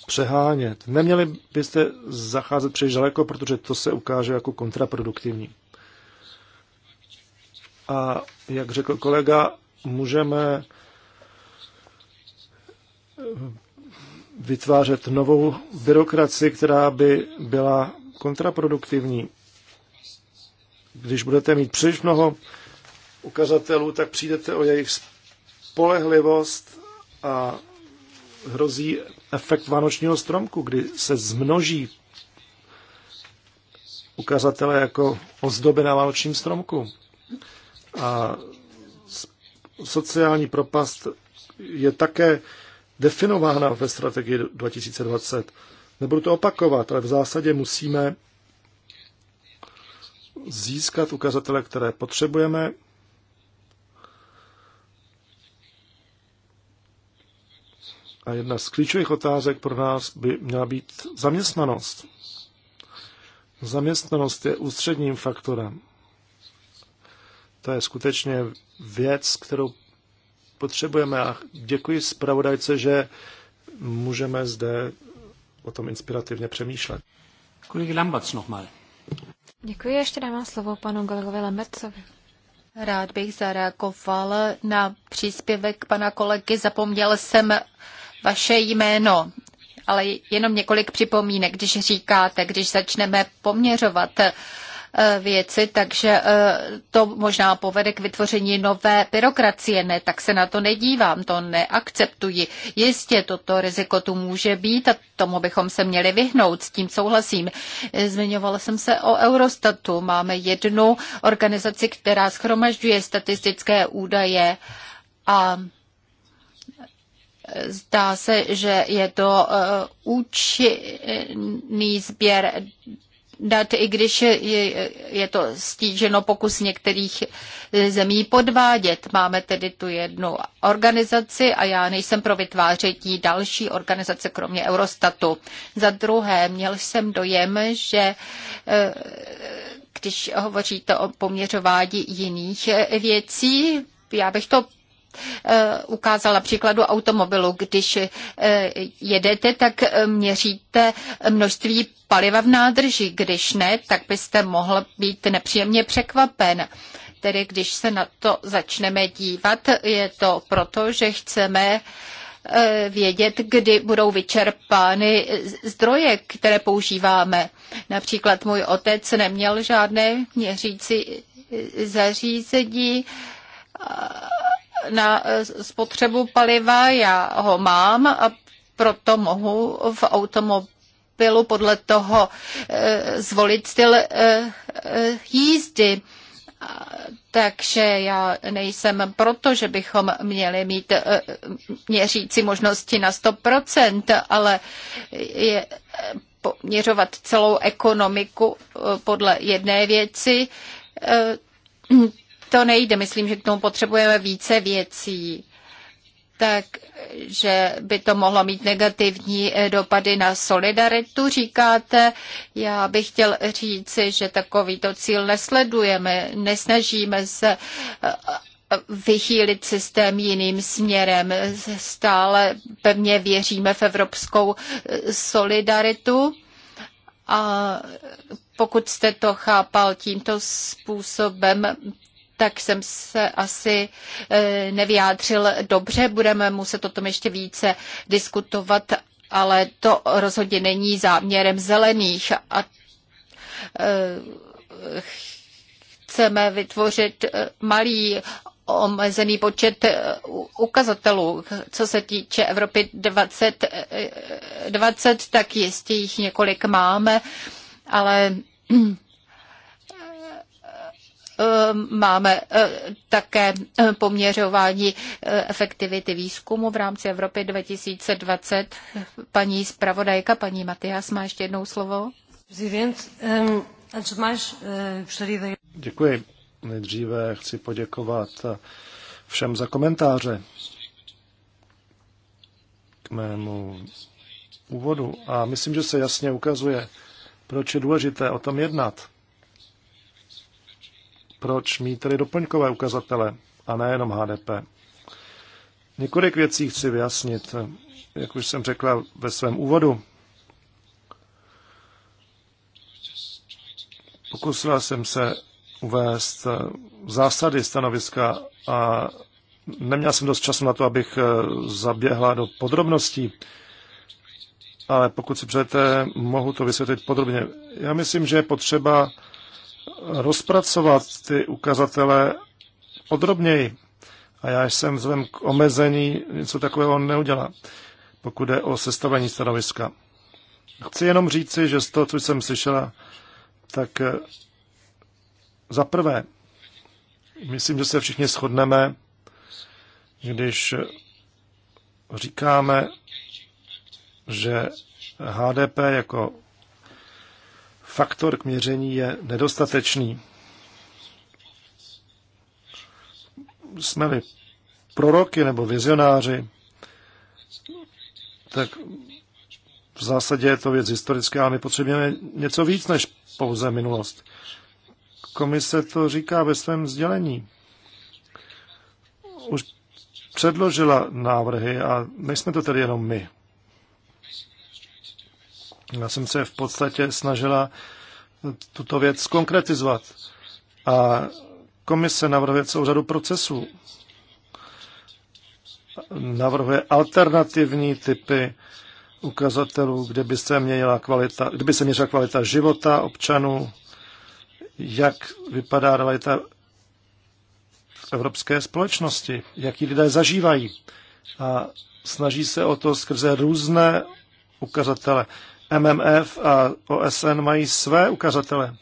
přehánět. Neměli byste zacházet příliš daleko, protože to se ukáže jako kontraproduktivní. A jak řekl kolega, můžeme vytvářet novou byrokracii, která by byla kontraproduktivní. Když budete mít příliš mnoho ukazatelů, tak přijdete o jejich spolehlivost a hrozí efekt vánočního stromku, kdy se zmnoží ukazatele jako ozdoby na vánočním stromku. A sociální propast je také definována ve strategii 2020. Nebudu to opakovat, ale v zásadě musíme získat ukazatele, které potřebujeme A jedna z klíčových otázek pro nás by měla být zaměstnanost. Zaměstnanost je ústředním faktorem. To je skutečně věc, kterou potřebujeme a děkuji zpravodajce, že můžeme zde o tom inspirativně přemýšlet. Kolik Lambac nochmal. Děkuji, ještě dávám slovo panu kolegovi Lambercovi. Rád bych zareagoval na příspěvek pana kolegy. Zapomněl jsem vaše jméno, ale jenom několik připomínek, když říkáte, když začneme poměřovat eh, věci, takže eh, to možná povede k vytvoření nové byrokracie. Ne, tak se na to nedívám, to neakceptuji. Jistě toto riziko tu může být a tomu bychom se měli vyhnout, s tím souhlasím. Eh, zmiňovala jsem se o Eurostatu. Máme jednu organizaci, která schromažďuje statistické údaje a Zdá se, že je to eh, účinný sběr dat, i když je to stíženo pokus některých eh, zemí podvádět. Máme tedy tu jednu organizaci a já nejsem pro vytváření další organizace, kromě Eurostatu. Za druhé, měl jsem dojem, že eh, když hovoříte o poměřování jiných věcí, já bych to Eh, ukázala příkladu automobilu. Když eh, jedete, tak eh, měříte množství paliva v nádrži. Když ne, tak byste mohl být nepříjemně překvapen. Tedy když se na to začneme dívat, je to proto, že chceme vědět, kdy budou vyčerpány zdroje, které používáme. Například můj otec neměl žádné měřící zařízení na eh, spotřebu paliva, já ho mám a proto mohu v automobilu podle toho eh, zvolit styl eh, jízdy. Takže já nejsem proto, že bychom měli mít měřící možnosti na 100%, ale je poměřovat celou ekonomiku podle jedné věci, to nejde. Myslím, že k tomu potřebujeme více věcí takže by to mohlo mít negativní eh, dopady na solidaritu, říkáte. Já bych chtěl říci, že takovýto cíl nesledujeme, nesnažíme se eh, eh, vychýlit systém jiným směrem. Stále pevně věříme v evropskou solidaritu a pokud jste to chápal tímto způsobem, tak jsem se asi eh, nevyjádřil dobře. Budeme muset o tom ještě více diskutovat, ale to rozhodně není záměrem zelených. A eh, chceme vytvořit eh, malý omezený počet ukazatelů. Co se týče Evropy 20, 20 tak jistě jich několik máme, ale Eh, máme eh, také eh, poměřování efektivity výzkumu v rámci Evropy 2020. Paní zpravodajka, paní Matias, má ještě jednou slovo. Ehm, Děkuji. Nejdříve chci poděkovat všem za komentáře k mému úvodu. A myslím, že se jasně ukazuje, proč je důležité o tom jednat proč mít tedy doplňkové ukazatele a nejenom HDP. Několik věcí chci vyjasnit, jak už jsem řekla ve svém úvodu. Pokusila jsem se uvést zásady stanoviska a neměl jsem dost času na to, abych zaběhla do podrobností, ale pokud si přejete, mohu to vysvětlit podrobně. Já myslím, že je potřeba rozpracovat ty ukazatele podrobněji. A já jsem vzhledem k omezení něco takového neudělal, pokud jde o sestavení stanoviska. Chci jenom říci, že z toho, co jsem slyšela, tak eh, za prvé, myslím, že se všichni shodneme, když říkáme, že HDP jako faktor k měření je nedostatečný. Jsme-li proroky nebo vizionáři, tak v zásadě je to věc historická, ale my potřebujeme něco víc než pouze minulost. Komise to říká ve svém sdělení. Už předložila návrhy a nejsme to tedy jenom my. Já jsem se v podstatě snažila tuto věc konkretizovat. A komise navrhuje celou řadu procesů. Navrhuje alternativní typy ukazatelů, kde by se měnila kvalita, kde by se měřila kvalita života občanů, jak vypadá realita evropské společnosti, jaký lidé zažívají. A snaží se o to skrze různé ukazatele. MMF a OSN mají své ukazatele.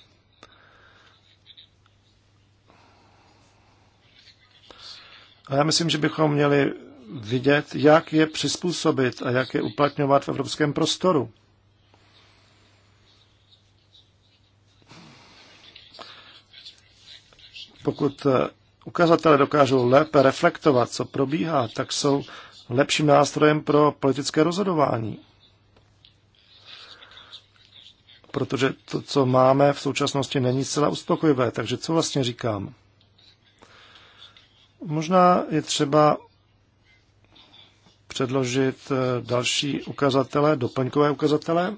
A já myslím, že bychom měli vidět, jak je přizpůsobit a jak je uplatňovat v evropském prostoru. Pokud eh, ukazatele dokážou lépe reflektovat, co probíhá, tak jsou lepším nástrojem pro politické rozhodování protože to, co máme v současnosti, není zcela uspokojivé. Takže co vlastně říkám? Možná je třeba předložit eh, další ukazatele, doplňkové ukazatele,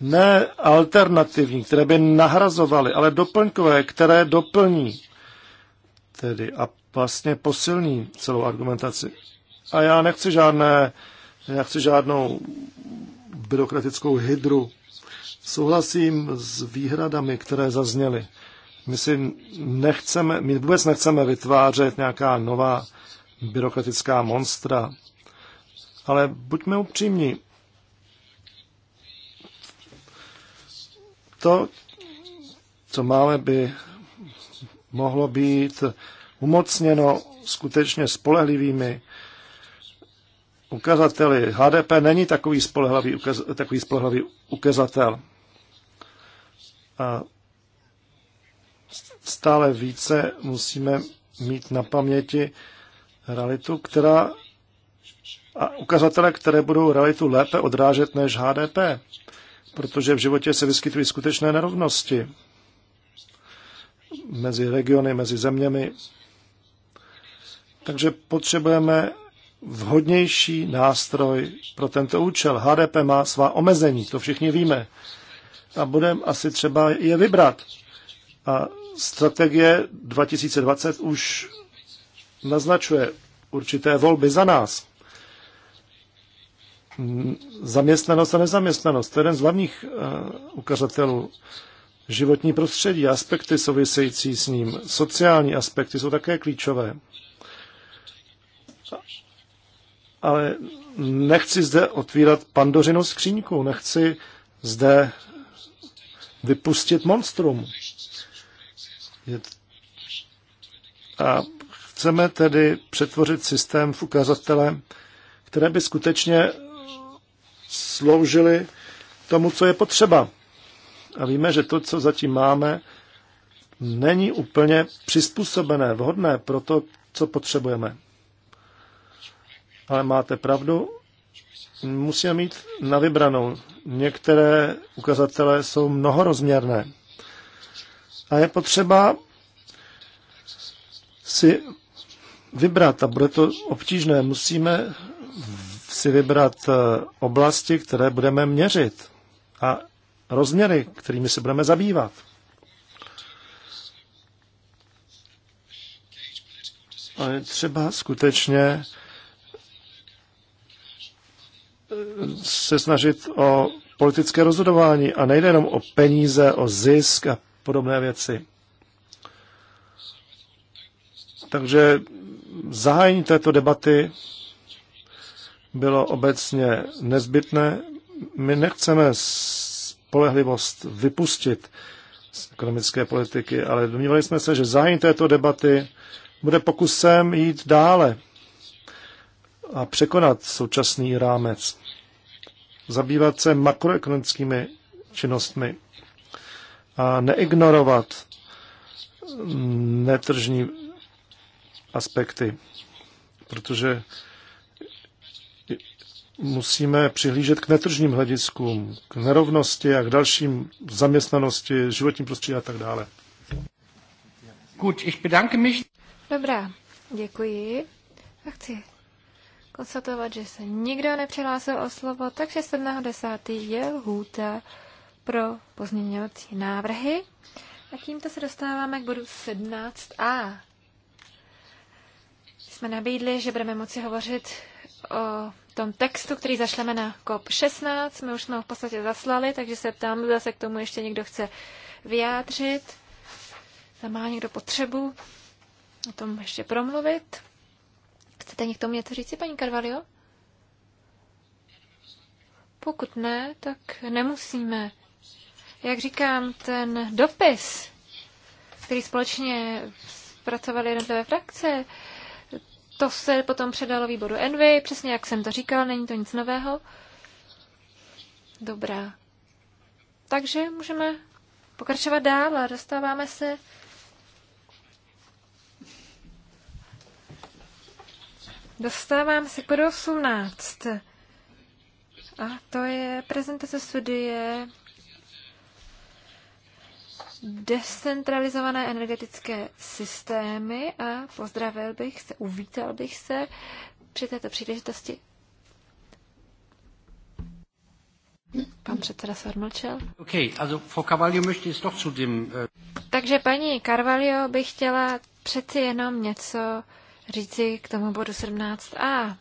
ne alternativní, které by nahrazovaly, ale doplňkové, které doplní tedy a vlastně posilní celou argumentaci. A já nechci žádné, já nechci žádnou byrokratickou hydru, Souhlasím s výhradami, které zazněly. My si nechceme, my vůbec nechceme vytvářet nějaká nová byrokratická monstra, ale buďme upřímní. To, co máme, by mohlo být umocněno skutečně spolehlivými ukazateli. HDP není takový spolehlavý, ukaz, takový spolehlavý ukazatel. A stále více musíme mít na paměti realitu, která a ukazatele, které budou realitu lépe odrážet než HDP, protože v životě se vyskytují skutečné nerovnosti mezi regiony, mezi zeměmi. Takže potřebujeme vhodnější nástroj pro tento účel. HDP má svá omezení, to všichni víme. A budeme asi třeba je vybrat. A strategie 2020 už naznačuje určité volby za nás. Zaměstnanost a nezaměstnanost, to je jeden z hlavních eh, ukazatelů životní prostředí, aspekty související s ním, sociální aspekty jsou také klíčové ale nechci zde otvírat pandořinu skříňku, nechci zde vypustit monstrum. A chceme tedy přetvořit systém v ukazatele, které by skutečně sloužily tomu, co je potřeba. A víme, že to, co zatím máme, není úplně přizpůsobené, vhodné pro to, co potřebujeme ale máte pravdu, musíme mít na vybranou. Některé ukazatele jsou mnohorozměrné. A je potřeba si vybrat, a bude to obtížné, musíme si vybrat eh, oblasti, které budeme měřit a rozměry, kterými se budeme zabývat. A je třeba skutečně se snažit o politické rozhodování a nejde jenom o peníze, o zisk a podobné věci. Takže zahájení této debaty bylo obecně nezbytné. My nechceme spolehlivost vypustit z ekonomické politiky, ale domnívali jsme se, že zahájení této debaty bude pokusem jít dále a překonat současný rámec. Zabývat se makroekonomickými činnostmi a neignorovat netržní aspekty, protože musíme přihlížet k netržním hlediskům, k nerovnosti a k dalším zaměstnanosti, životním prostředí a tak dále. Gut, ich bedanke mich. Dobrá, děkuji. A chci konstatovat, že se nikdo nepřihlásil o slovo, takže 7.10. je lhůta pro pozměňovací návrhy. A tímto se dostáváme k bodu 17a. Jsme nabídli, že budeme moci hovořit o tom textu, který zašleme na COP16. My už jsme ho v podstatě zaslali, takže se tam zase k tomu ještě někdo chce vyjádřit. Zda má někdo potřebu o tom ještě promluvit. Chcete mě k tomu něco říci, paní Karvalio? Pokud ne, tak nemusíme. Jak říkám, ten dopis, který společně zpracovali jednotlivé frakce, to se potom předalo výboru Envy, přesně jak jsem to říkal, není to nic nového. Dobrá. Takže můžeme pokračovat dál a dostáváme se Dostávám se k 18. A to je prezentace studie decentralizované energetické systémy a pozdravil bych se, uvítal bych se při této příležitosti. Pan předseda se odmlčel. Okay, also for Carvalho möchte jetzt doch zu dem, uh... Takže paní Carvalho bych chtěla přeci jenom něco uh, říci k tomu bodu 17a.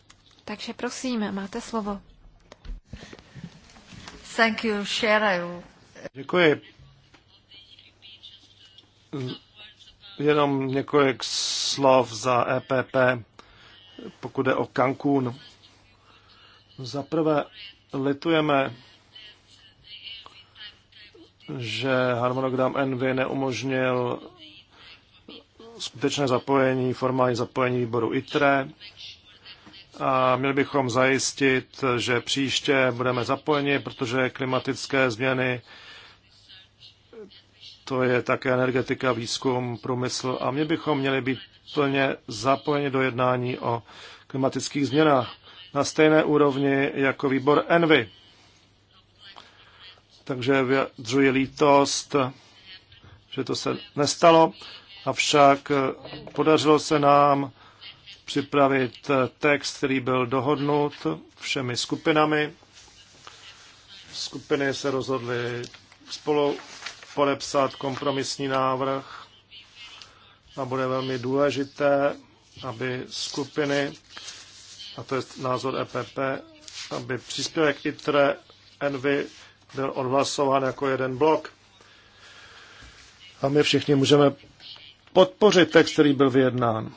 Takže prosím, máte slovo. Thank you, Cheryl. Děkuji. Jenom několik slov za EPP, pokud je o Cancún. Za prvé litujeme, že harmonogram NV neumožnil skutečné zapojení, formální zapojení výboru ITRE a měli bychom zajistit, že příště budeme zapojeni, protože klimatické změny to je také energetika, výzkum, průmysl a my bychom měli být plně zapojeni do jednání o klimatických změnách na stejné úrovni jako výbor Envy. Takže vyjadřuji lítost, že to se nestalo avšak eh, podařilo se nám připravit eh, text, který byl dohodnut všemi skupinami. Skupiny se rozhodly spolu podepsat kompromisní návrh a bude velmi důležité, aby skupiny, a to je názor EPP, aby příspěvek ITRE ENVY byl odhlasován jako jeden blok. A my všichni můžeme podpořit text, který byl vyjednán.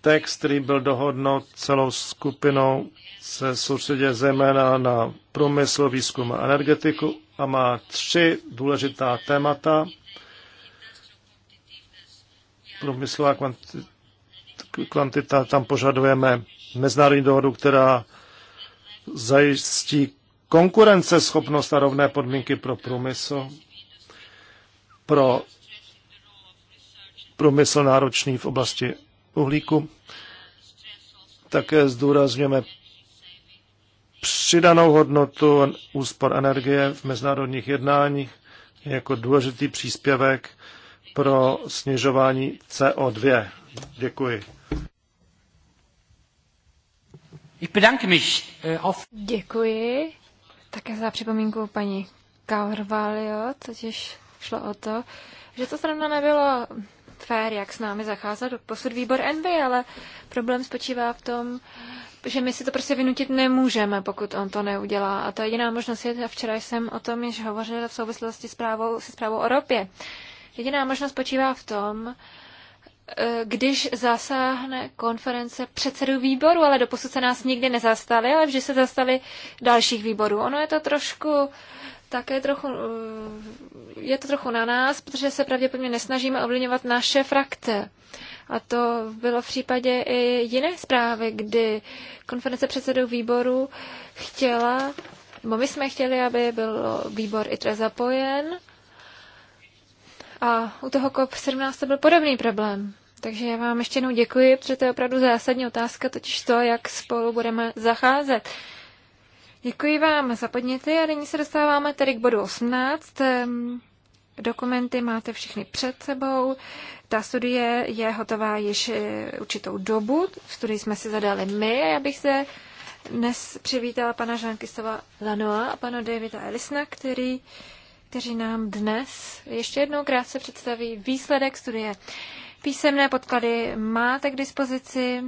Text, který byl dohodnut celou skupinou, se soustředě zejména na průmysl, výzkum a energetiku a má tři důležitá témata. Průmyslová kvantita, tam požadujeme mezinárodní dohodu, která zajistí konkurenceschopnost a rovné podmínky pro průmysl, pro průmysl náročný v oblasti uhlíku. Také zdůrazňujeme přidanou hodnotu úspor energie v mezinárodních jednáních jako důležitý příspěvek pro snižování CO2. Děkuji. Äh, Děkuji také za připomínku paní Carvalho, totiž šlo o to, že to zrovna nebylo fér, jak s námi zacházet posud výbor Envy, ale problém spočívá v tom, že my si to prostě vynutit nemůžeme, pokud on to neudělá. A ta jediná možnost je, včera jsem o tom již hovořila v souvislosti s právou, se zprávou o ropě. Jediná možnost spočívá v tom, eh, když zasáhne konference předsedů výboru, ale doposud se nás nikdy nezastali, ale vždy se zastali dalších výborů. Ono je to trošku také trochu, eh, je to trochu na nás, protože se pravděpodobně nesnažíme ovlivňovat naše frakce. A to bylo v případě i jiné zprávy, kdy konference předsedů výboru chtěla, nebo my jsme chtěli, aby byl výbor ITRE zapojen. A u toho COP17 to byl podobný problém. Takže já vám ještě jednou děkuji, protože to je opravdu zásadní otázka, totiž to, jak spolu budeme zacházet. Děkuji vám za podněty a nyní se dostáváme tedy k bodu 18. Ehm, dokumenty máte všechny před sebou. Ta studie je hotová již eh, určitou dobu. V studii jsme si zadali my a já bych se dnes přivítala pana Žankistova Lanoa a pana Davida Elisna, který, kteří nám dnes ještě jednou krátce představí výsledek studie. Písemné podklady máte k dispozici,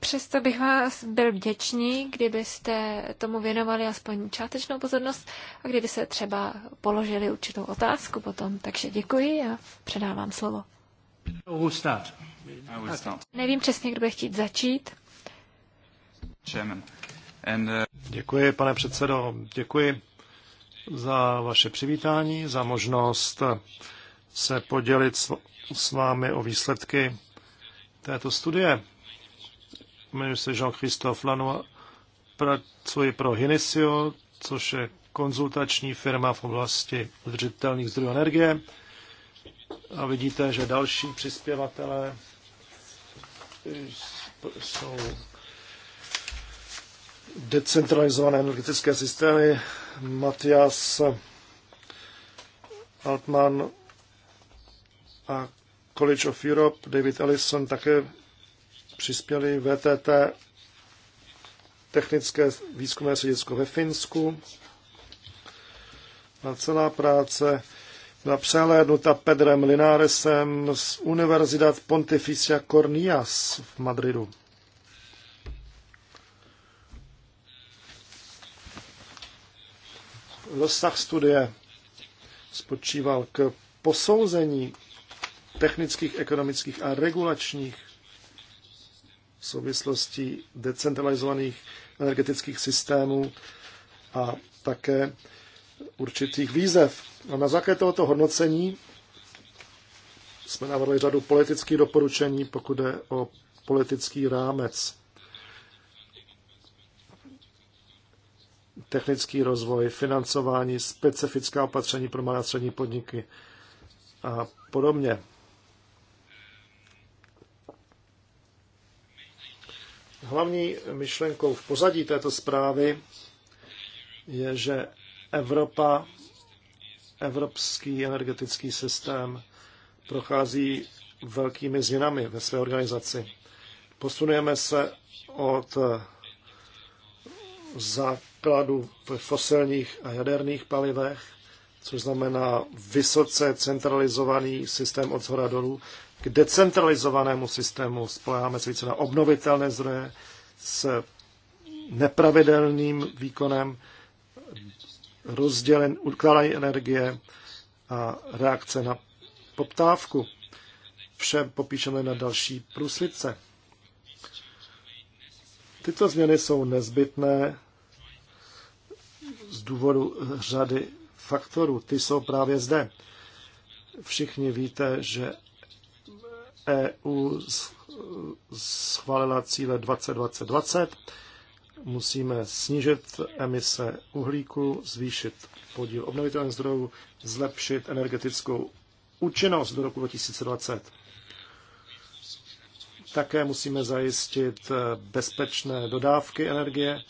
Přesto bych vás byl vděčný, kdybyste tomu věnovali aspoň čátečnou pozornost a kdyby se třeba položili určitou otázku potom. Takže děkuji a předávám slovo. Nevím přesně, kdo bude chtít začít. Uh, děkuji, pane předsedo. Děkuji za vaše přivítání, za možnost se podělit s vámi o výsledky této studie jmenuji se Jean-Christophe Lanois, pracuji pro Hinesio, což je konzultační firma v oblasti udržitelných zdrojů energie. A vidíte, že další přispěvatelé jsou decentralizované energetické systémy. Matias Altman a College of Europe, David Ellison také přispěli VTT Technické výzkumné středisko ve Finsku a celá práce byla přehlédnuta Pedrem Linaresem z Universidad Pontificia Cornias v Madridu. Rozsah studie spočíval k posouzení technických, ekonomických a regulačních souvislosti decentralizovaných energetických systémů a také určitých výzev. A na základě tohoto hodnocení jsme navrhli řadu politických doporučení, pokud jde o politický rámec. Technický rozvoj, financování, specifická opatření pro malé a střední podniky a podobně. Hlavní myšlenkou v pozadí této zprávy je, že Evropa, evropský energetický systém prochází velkými změnami ve své organizaci. Posunujeme se od základu v fosilních a jaderných palivech, což znamená vysoce centralizovaný systém od zhora dolů, k decentralizovanému systému. Spoleháme se více na obnovitelné zdroje s nepravidelným výkonem, rozdělen, ukládání energie a reakce na poptávku. Vše popíšeme na další průslice. Tyto změny jsou nezbytné z důvodu řady faktorů. Ty jsou právě zde. Všichni víte, že EU schválila cíle 2020, musíme snížit emise uhlíku, zvýšit podíl obnovitelných zdrojů, zlepšit energetickou účinnost do roku 2020. Také musíme zajistit e, bezpečné dodávky energie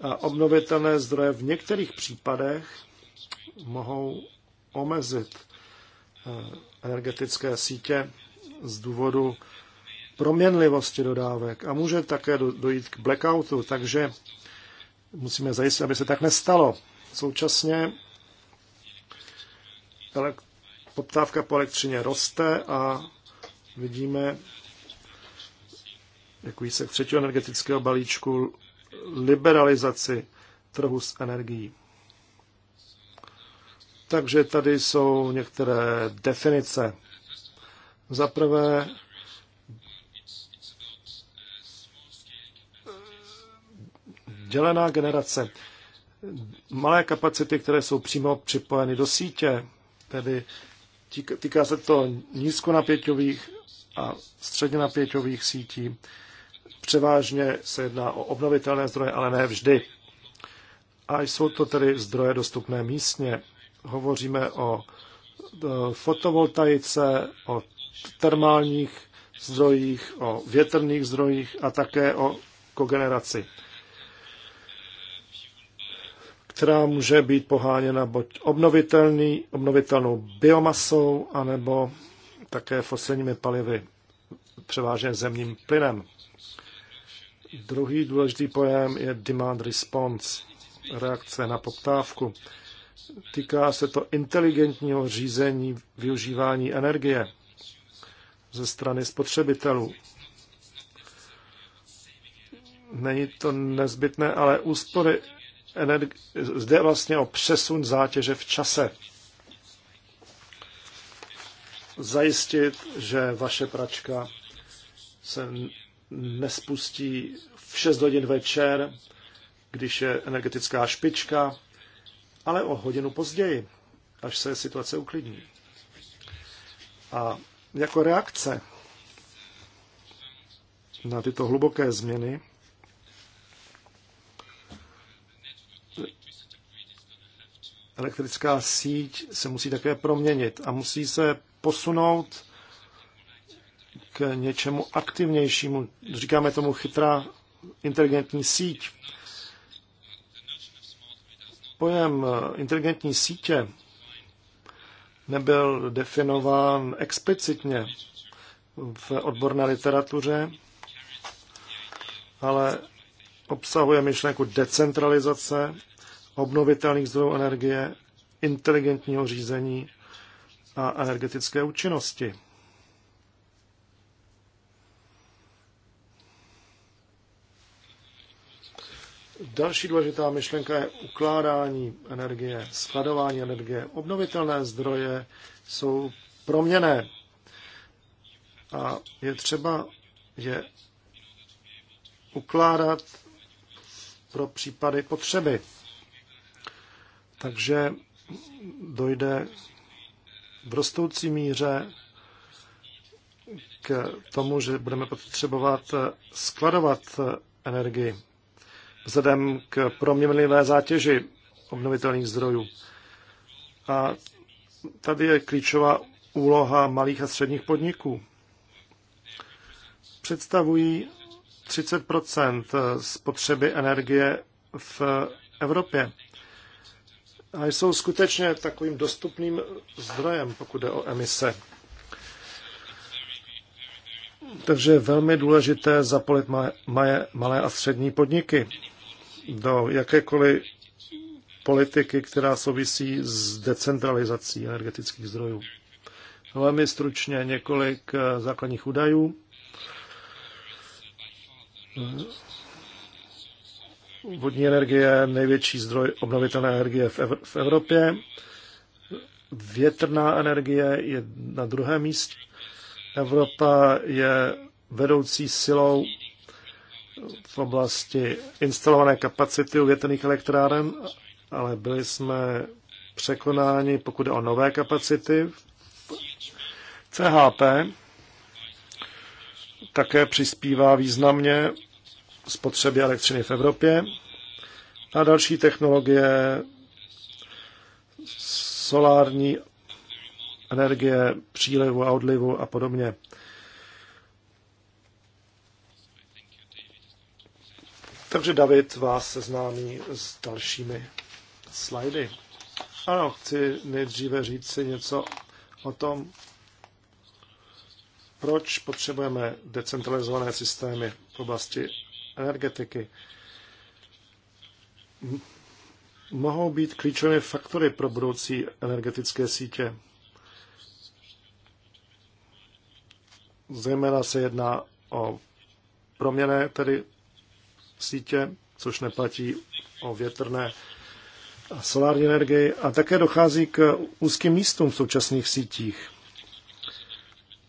a obnovitelné zdroje v některých případech mohou omezit e, energetické sítě z důvodu proměnlivosti dodávek a může také dojít k blackoutu, takže musíme zajistit, aby se tak nestalo. Současně poptávka po elektřině roste a vidíme, jak se k třetího energetického balíčku, liberalizaci trhu s energií. Takže tady jsou některé definice za prvé, dělená generace. Malé kapacity, které jsou přímo připojeny do sítě, tedy týká se to nízkonapěťových a středněnapěťových sítí. Převážně se jedná o obnovitelné zdroje, ale ne vždy. A jsou to tedy zdroje dostupné místně. Hovoříme o fotovoltaice, o termálních zdrojích, o větrných zdrojích a také o kogeneraci, která může být poháněna buď obnovitelný, obnovitelnou biomasou, anebo také fosilními palivy, převážně zemním plynem. Druhý důležitý pojem je demand response, reakce na poptávku. Týká se to inteligentního řízení využívání energie ze strany spotřebitelů. Není to nezbytné, ale úspory energi- zde vlastně o přesun zátěže v čase. Zajistit, že vaše pračka se nespustí v 6 hodin večer, když je energetická špička, ale o hodinu později, až se situace uklidní. A jako reakce na tyto hluboké změny elektrická síť se musí také proměnit a musí se posunout k něčemu aktivnějšímu. Říkáme tomu chytrá inteligentní síť. Pojem inteligentní sítě nebyl definován explicitně v odborné literatuře, ale obsahuje myšlenku decentralizace, obnovitelných zdrojů energie, inteligentního řízení a energetické účinnosti. Další důležitá myšlenka je ukládání energie, skladování energie. Obnovitelné zdroje jsou proměné a je třeba je ukládat pro případy potřeby. Takže dojde v rostoucí míře k tomu, že budeme potřebovat skladovat energii vzhledem k proměnlivé zátěži obnovitelných zdrojů. A tady je klíčová úloha malých a středních podniků. Představují 30 spotřeby energie v Evropě. A jsou skutečně takovým dostupným zdrojem, pokud jde o emise. Takže je velmi důležité zapolit malé a střední podniky do jakékoliv politiky, která souvisí s decentralizací energetických zdrojů. Velmi stručně několik eh, základních údajů. Vodní energie je největší zdroj obnovitelné energie v Evropě. Větrná energie je na druhém místě. Evropa je vedoucí silou v oblasti instalované kapacity u větrných elektráren, ale byli jsme překonáni, pokud jde o nové kapacity. CHP také přispívá významně spotřebě elektřiny v Evropě a další technologie solární energie, přílivu a odlivu a podobně. Takže David vás seznámí s dalšími slajdy. Ano, chci nejdříve říct si něco o tom, proč potřebujeme decentralizované systémy v oblasti energetiky. Mohou být klíčové faktory pro budoucí energetické sítě. Zejména se jedná o proměné, tedy sítě, což neplatí o větrné a solární energii. A také dochází k úzkým místům v současných sítích,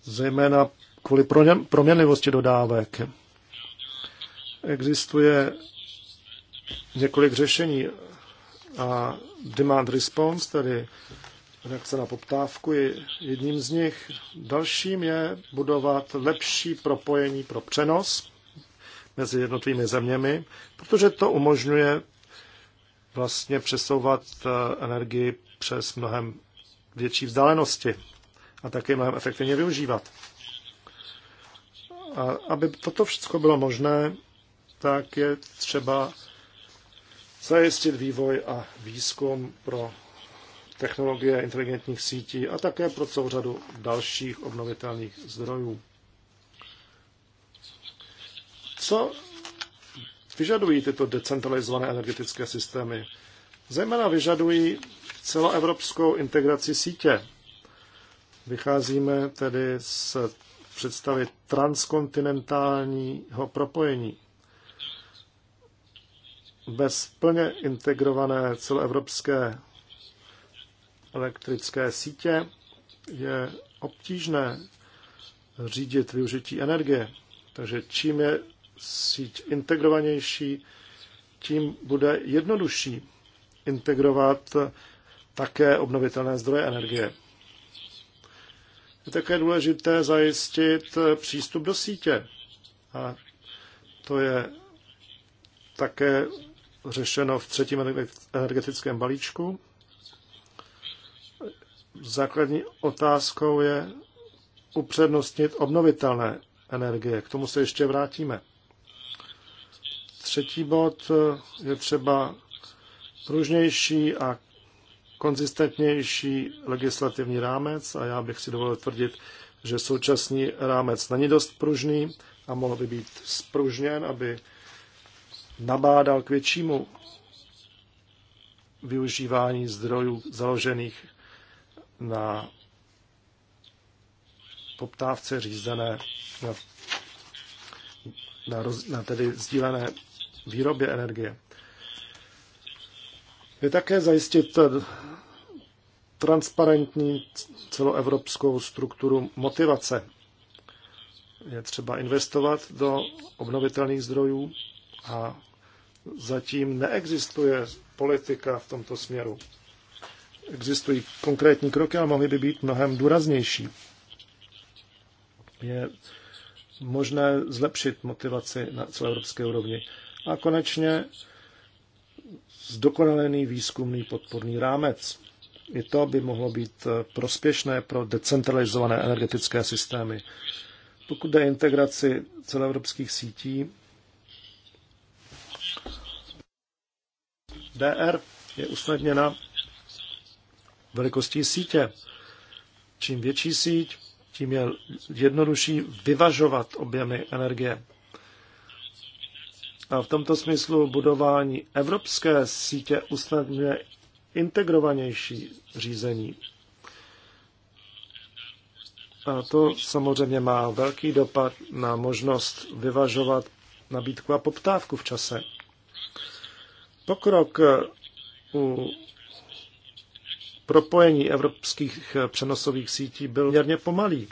zejména kvůli proměnlivosti dodávek. Existuje několik řešení a demand response, tedy reakce na poptávku, je jedním z nich. Dalším je budovat lepší propojení pro přenos mezi jednotlivými zeměmi, protože to umožňuje vlastně přesouvat eh, energii přes mnohem větší vzdálenosti a také mnohem efektivně využívat. A aby toto všechno bylo možné, tak je třeba zajistit vývoj a výzkum pro technologie inteligentních sítí a také pro celou řadu dalších obnovitelných zdrojů. Co vyžadují tyto decentralizované energetické systémy? Zejména vyžadují celoevropskou integraci sítě. Vycházíme tedy z představy transkontinentálního propojení. Bez plně integrované celoevropské elektrické sítě je obtížné řídit využití energie. Takže čím je síť integrovanější, tím bude jednodušší integrovat také obnovitelné zdroje energie. Je také důležité zajistit přístup do sítě. A to je také řešeno v třetím energetickém balíčku. Základní otázkou je upřednostnit obnovitelné energie. K tomu se ještě vrátíme. Třetí bod eh, je třeba pružnější a konzistentnější legislativní rámec a já bych si dovolil tvrdit, že současný rámec není dost pružný a mohl by být spružněn, aby nabádal k většímu využívání zdrojů založených na poptávce řízené na, na, roz, na tedy sdílené výrobě energie. Je také zajistit transparentní celoevropskou strukturu motivace. Je třeba investovat do obnovitelných zdrojů a zatím neexistuje politika v tomto směru. Existují konkrétní kroky, ale mohly by být mnohem důraznější. Je možné zlepšit motivaci na celoevropské úrovni a konečně zdokonalený výzkumný podporný rámec. I to by mohlo být prospěšné pro decentralizované energetické systémy. Pokud jde integraci celoevropských sítí, DR je usnadněna velikostí sítě. Čím větší síť, tím je jednodušší vyvažovat objemy energie. A v tomto smyslu budování evropské sítě usnadňuje integrovanější řízení. A to samozřejmě má velký dopad na možnost vyvažovat nabídku a poptávku v čase. Pokrok u propojení evropských přenosových sítí byl měrně pomalý.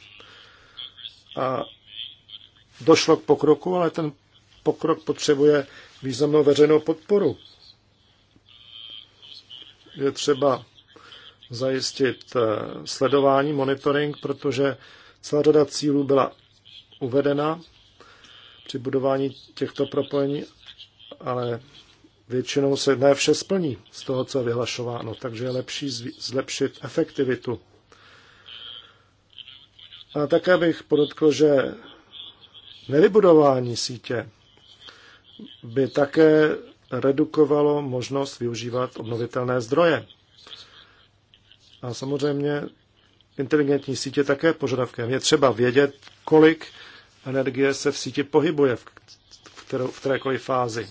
A došlo k pokroku, ale ten pokrok potřebuje významnou veřejnou podporu. Je třeba zajistit eh, sledování, monitoring, protože celá řada cílů byla uvedena při budování těchto propojení, ale většinou se ne vše splní z toho, co je vyhlašováno, takže je lepší zlepšit efektivitu. A také bych podotkl, že nevybudování sítě by také redukovalo možnost využívat obnovitelné zdroje. A samozřejmě inteligentní sítě také požadavkem. Je třeba vědět, kolik energie se v síti pohybuje v, kterou, v kterékoliv fázi.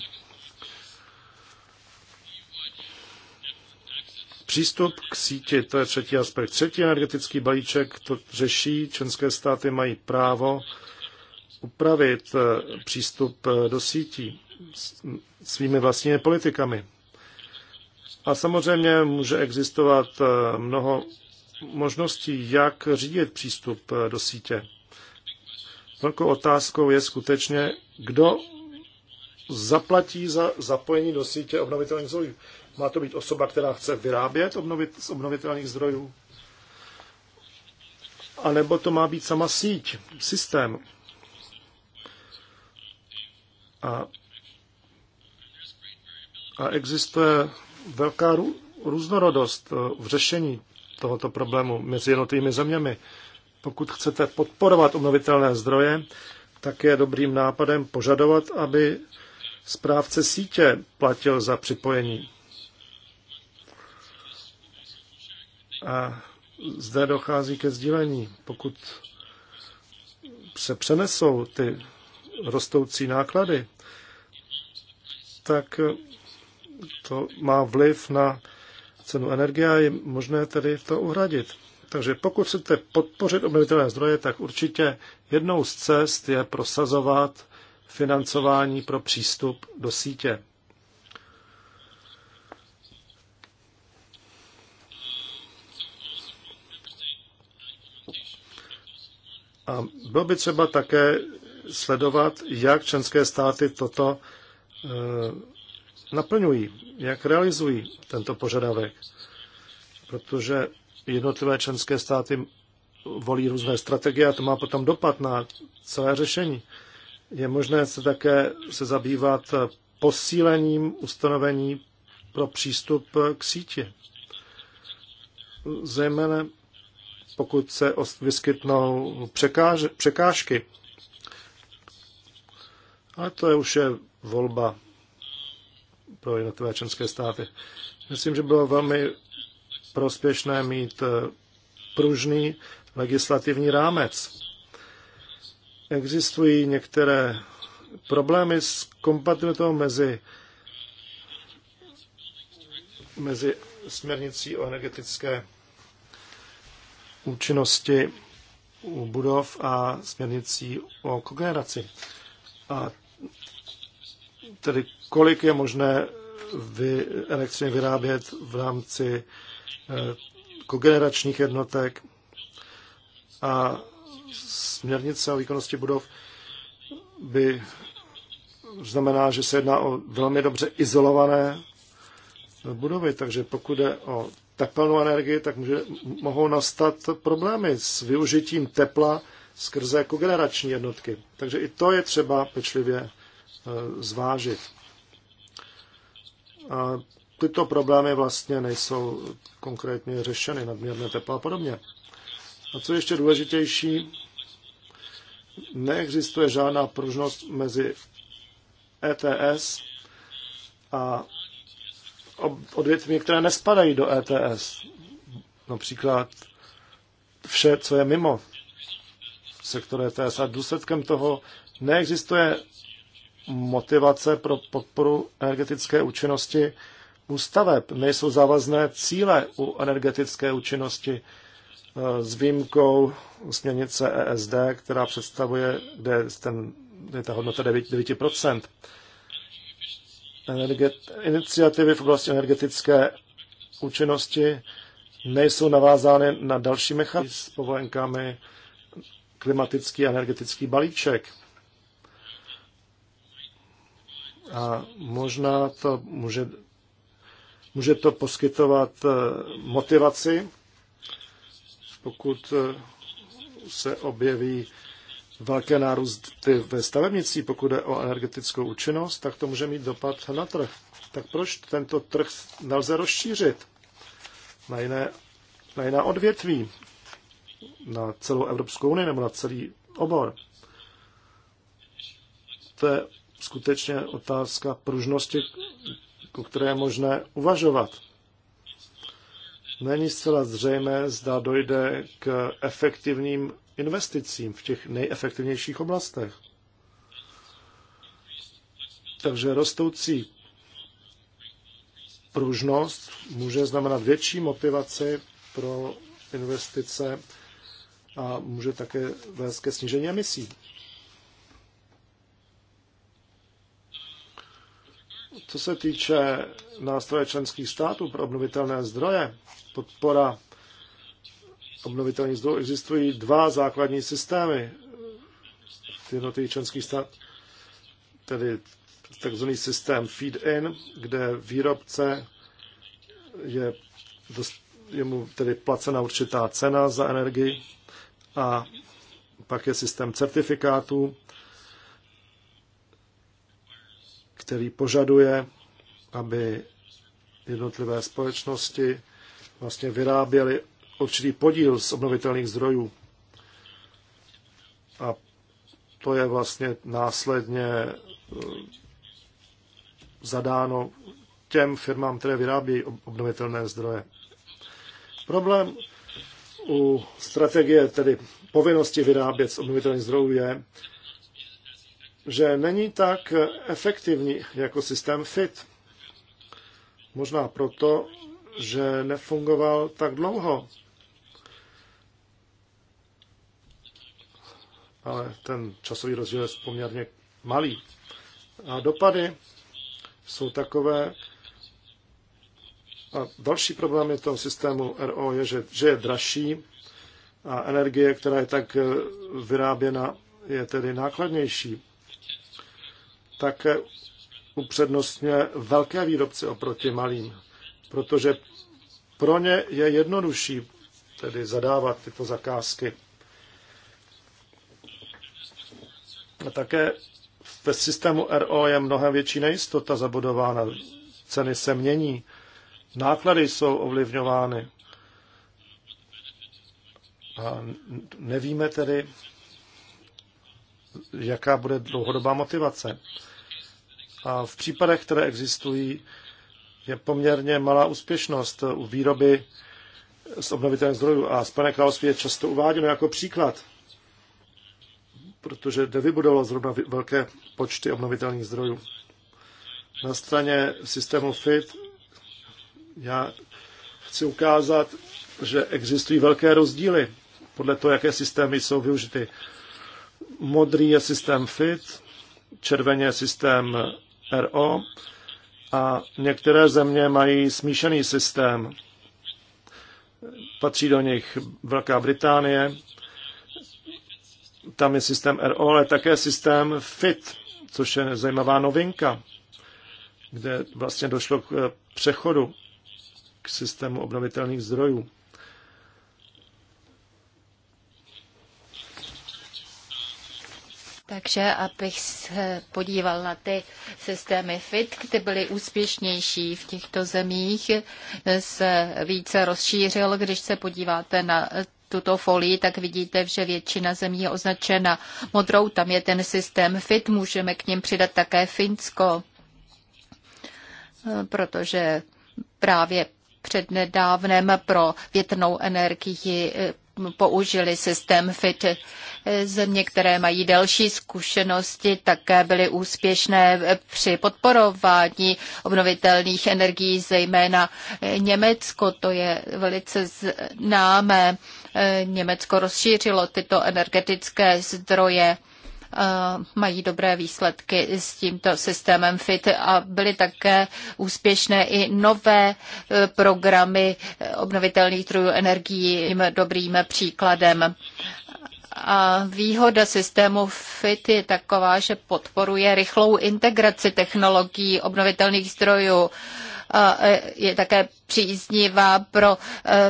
Přístup k síti, to je třetí aspekt. Třetí energetický balíček to řeší, členské státy mají právo upravit eh, přístup eh, do sítí svými vlastními politikami. A samozřejmě může existovat eh, mnoho možností, jak řídit přístup do sítě. Velkou otázkou je skutečně, kdo zaplatí za zapojení do sítě obnovitelných zdrojů. Má to být osoba, která chce vyrábět obnovit, z obnovitelných zdrojů? A nebo to má být sama síť, systém? A, a existuje velká různorodost eh, v řešení tohoto problému mezi jednotlivými zeměmi. Pokud chcete podporovat obnovitelné zdroje, tak je dobrým nápadem požadovat, aby správce sítě platil za připojení. A zde dochází ke sdílení. Pokud se přenesou ty rostoucí náklady, tak to má vliv na cenu energie a je možné tedy to uhradit. Takže pokud chcete podpořit obnovitelné zdroje, tak určitě jednou z cest je prosazovat financování pro přístup do sítě. A bylo by třeba také sledovat, jak členské státy toto eh, naplňují, jak realizují tento požadavek. Protože jednotlivé členské státy volí různé strategie a to má potom dopad na celé řešení. Je možné se také se zabývat posílením ustanovení pro přístup k síti. Zejména pokud se vyskytnou překáž, překážky ale to je už je volba pro jednotlivé členské státy. Myslím, že bylo velmi prospěšné mít eh, pružný legislativní rámec. Existují některé problémy s kompatibilitou mezi, mezi směrnicí o energetické účinnosti u budov a směrnicí o kogeneraci. A tedy kolik je možné vy, elektřiny vyrábět v rámci eh, kogeneračních jednotek a směrnice o výkonnosti budov by znamená, že se jedná o velmi dobře izolované budovy, takže pokud je o teplnou energii, tak může, mohou nastat problémy s využitím tepla skrze kogenerační jednotky. Takže i to je třeba pečlivě eh, zvážit. A tyto problémy vlastně nejsou konkrétně řešeny, nadměrné teplo a podobně. A co ještě důležitější, neexistuje žádná pružnost mezi ETS a odvětví, které nespadají do ETS. Například vše, co je mimo sektor ETS. A důsledkem toho neexistuje motivace pro podporu energetické účinnosti u staveb. Nejsou závazné cíle u energetické účinnosti e, s výjimkou směrnice ESD, která představuje, kde, je ten, kde je ta hodnota 9, 9%. Energet, iniciativy v oblasti energetické účinnosti nejsou navázány na další mechanizmy s povolenkami klimatický a energetický balíček. A možná to může, může to poskytovat eh, motivaci, pokud eh, se objeví velké nárůsty ve stavebnicí, pokud je o energetickou účinnost, tak to může mít dopad na trh. Tak proč tento trh nelze rozšířit na, jiné, na jiná odvětví? na celou Evropskou unii nebo na celý obor. To je skutečně otázka pružnosti, o které je možné uvažovat. Není zcela zřejmé, zda dojde k efektivním investicím v těch nejefektivnějších oblastech. Takže rostoucí pružnost může znamenat větší motivaci pro investice a může také vést ke snížení emisí. Co se týče nástroje členských států pro obnovitelné zdroje, podpora obnovitelných zdrojů, existují dva základní systémy v jednotlivých členských států, tedy takzvaný systém feed-in, kde výrobce je, je mu tedy placena určitá cena za energii a pak je systém certifikátů, který požaduje, aby jednotlivé společnosti vlastně vyráběly určitý podíl z obnovitelných zdrojů. A to je vlastně následně eh, zadáno těm firmám, které vyrábí obnovitelné zdroje. Problém u strategie, tedy povinnosti vyrábět z obnovitelných zdrojů, je, že není tak efektivní jako systém FIT. Možná proto, že nefungoval tak dlouho. Ale ten časový rozdíl je poměrně malý. A dopady jsou takové, a další problém je toho systému RO je, že, že je dražší a energie, která je tak e, vyráběna, je tedy nákladnější. Také upřednostňuje velké výrobce oproti malým, protože pro ně je jednodušší tedy zadávat tyto zakázky. A také ve systému RO je mnohem větší nejistota zabudována. Ceny se mění náklady jsou ovlivňovány. A nevíme tedy, jaká bude dlouhodobá motivace. A v případech, které existují, je poměrně malá úspěšnost u výroby z obnovitelných zdrojů. A Spojené království je často uváděno jako příklad, protože vybudovalo zrovna velké počty obnovitelných zdrojů. Na straně systému FIT já chci ukázat, že existují velké rozdíly podle toho, jaké systémy jsou využity. Modrý je systém FIT, červený je systém RO a některé země mají smíšený systém. Patří do nich Velká Británie, tam je systém RO, ale také systém FIT, což je zajímavá novinka, kde vlastně došlo k přechodu k systému obnovitelných zdrojů. Takže abych se podíval na ty systémy FIT, které byly úspěšnější v těchto zemích, se více rozšířil. Když se podíváte na tuto folii, tak vidíte, že většina zemí je označena modrou. Tam je ten systém FIT, můžeme k něm přidat také Finsko, protože právě přednedávnem pro větrnou energii eh, použili systém FIT. Země, které mají delší zkušenosti, také byly úspěšné při podporování obnovitelných energií, zejména Německo, to je velice známé. Eh, Německo rozšířilo tyto energetické zdroje Eh, mají dobré výsledky s tímto systémem FIT a byly také úspěšné i nové eh, programy obnovitelných zdrojů energií dobrým příkladem. A výhoda systému FIT je taková, že podporuje rychlou integraci technologií obnovitelných zdrojů. Eh, je také příznivá pro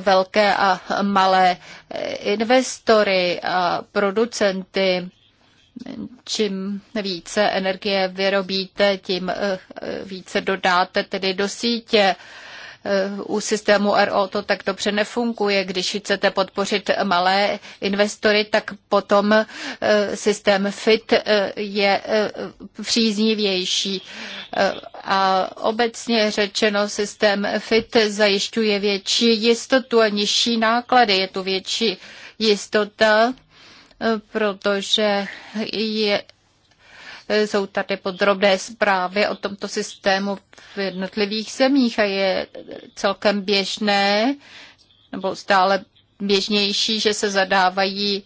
velké a malé investory a producenty čím více energie vyrobíte, tím eh, eh, více dodáte tedy do sítě. Eh, u systému RO to tak dobře nefunguje. Když chcete podpořit malé investory, tak potom systém FIT je příznivější. A obecně řečeno, systém FIT zajišťuje větší jistotu a nižší náklady. Je tu větší jistota protože je, jsou tady podrobné zprávy o tomto systému v jednotlivých zemích a je celkem běžné nebo stále běžnější, že se zadávají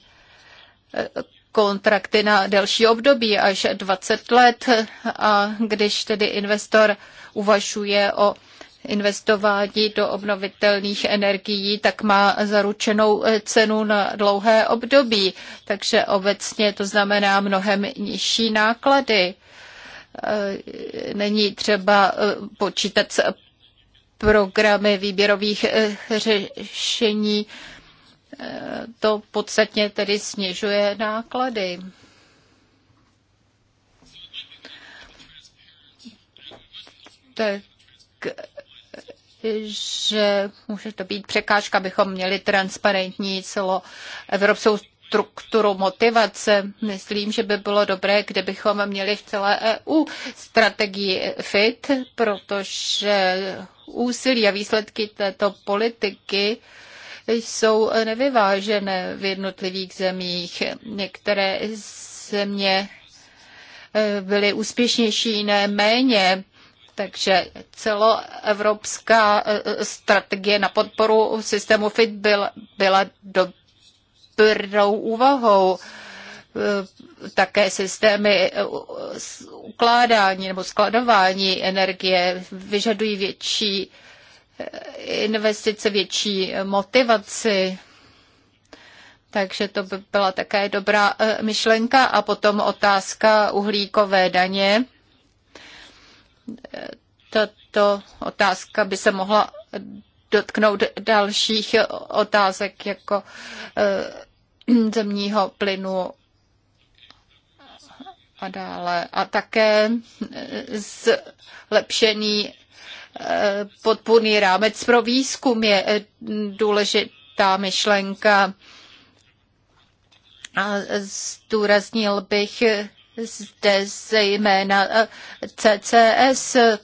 eh, kontrakty na delší období až 20 let a když tedy investor uvažuje o investování do obnovitelných energií, tak má zaručenou cenu na dlouhé období. Takže obecně to znamená mnohem nižší náklady. Není třeba eh, počítat s programy výběrových eh, řešení. Eh, to podstatně tedy snižuje náklady. Tak že může to být překážka, abychom měli transparentní evropskou strukturu motivace. Myslím, že by bylo dobré, kdybychom měli v celé EU strategii FIT, protože úsilí a výsledky této politiky jsou nevyvážené v jednotlivých zemích. Některé země byly úspěšnější, jiné méně. Takže celoevropská e, e, strategie na podporu systému FIT byla, byla dobrou úvahou. E, také systémy ukládání nebo skladování energie vyžadují větší investice, větší motivaci. Takže to by byla také dobrá myšlenka. A potom otázka uhlíkové daně tato otázka by se mohla dotknout dalších otázek jako eh, zemního plynu a dále. A také zlepšený eh, podpůrný rámec pro výzkum je eh, důležitá myšlenka. A zdůraznil bych zde zejména eh, CCS eh,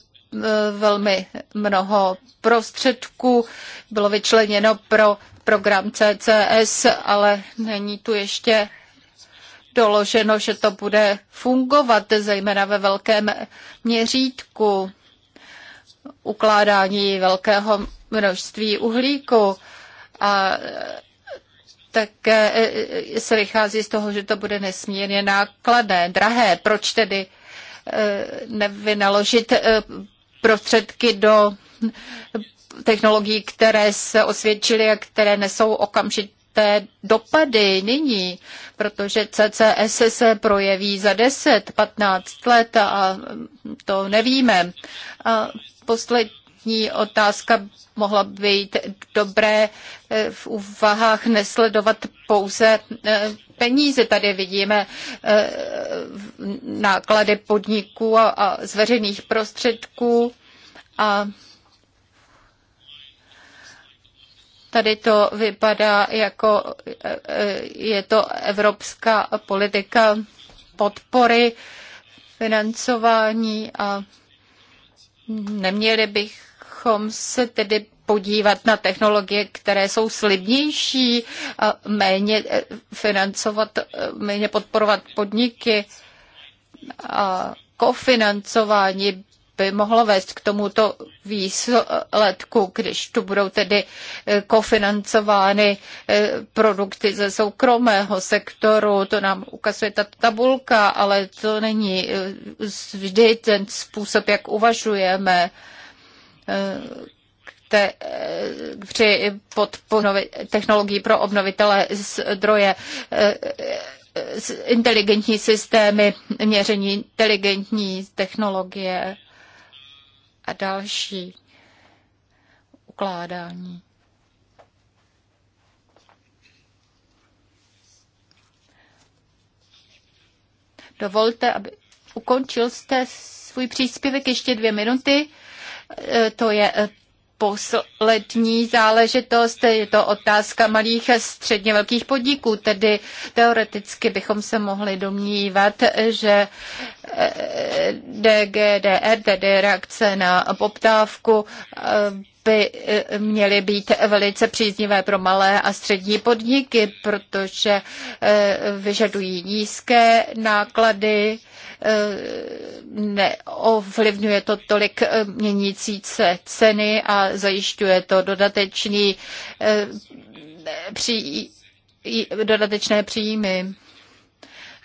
velmi mnoho prostředků bylo vyčleněno pro program CCS, ale není tu ještě doloženo, že to bude fungovat, zejména ve velkém měřítku ukládání velkého množství uhlíku. A tak e, e, e, se vychází z toho, že to bude nesmírně nákladné, drahé. Proč tedy nevynaložit prostředky do technologií, které se osvědčily a které nesou okamžité dopady nyní, protože CCS se projeví za 10, 15 let a to nevíme. A poslední Konkrétní otázka mohla být dobré eh, v úvahách nesledovat pouze eh, peníze. Tady vidíme eh, náklady podniků a z veřejných prostředků a tady to vypadá jako je to evropská politika podpory financování a neměli bych bychom se tedy podívat na technologie, které jsou slibnější, a méně eh, financovat, eh, méně podporovat podniky. A kofinancování by mohlo vést k tomuto výsledku, když tu budou tedy eh, kofinancovány produkty ze soukromého sektoru. To nám ukazuje ta tabulka, ale to není vždy ten způsob, jak uvažujeme. Eh, te, eh, při podpoře technologií pro obnovitelé zdroje eh, inteligentní systémy, měření inteligentní technologie a další ukládání. Dovolte, aby ukončil jste svůj příspěvek ještě dvě minuty. To je eh, poslední záležitost, je to otázka malých a středně velkých podniků, tedy teoreticky bychom se mohli domnívat, že eh, DGDR, tedy reakce na poptávku, eh, by eh, měly být velice příznivé pro malé a střední podniky, protože eh, vyžadují nízké náklady, eh, neovlivňuje to tolik měnící se ceny a zajišťuje to dodatečný dodatečné příjmy.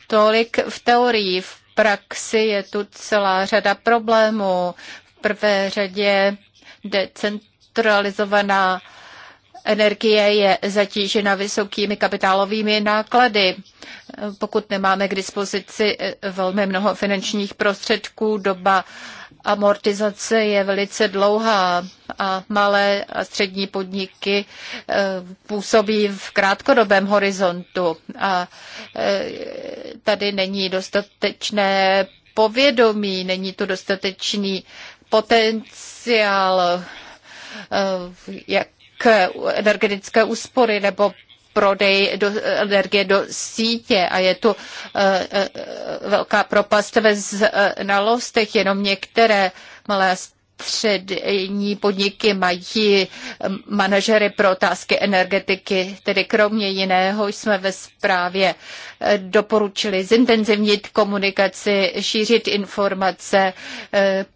Tolik v teorii, v praxi je tu celá řada problémů. V prvé řadě decent industrializovaná energie je zatížena vysokými kapitálovými náklady. Pokud nemáme k dispozici eh, velmi mnoho finančních prostředků, doba amortizace je velice dlouhá a malé a střední podniky eh, působí v krátkodobém horizontu a eh, tady není dostatečné povědomí, není tu dostatečný potenciál Eh, jak energetické úspory nebo prodej do, energie do sítě a je tu eh, eh, velká propast ve znalostech. Jenom některé malé střední podniky mají manažery pro otázky energetiky. Tedy kromě jiného jsme ve zprávě doporučili zintenzivnit komunikaci, šířit informace,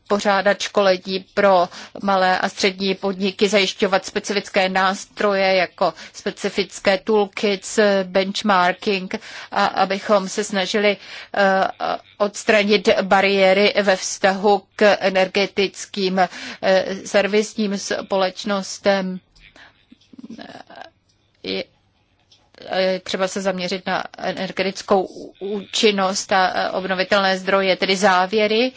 pořádat školení pro malé a střední podniky, zajišťovat specifické nástroje jako specifické toolkits, benchmarking, a abychom se snažili eh, odstranit bariéry ve vztahu k energetickým eh, servisním společnostem eh, E, třeba se zaměřit na energetickou účinnost a e, obnovitelné zdroje, tedy závěry.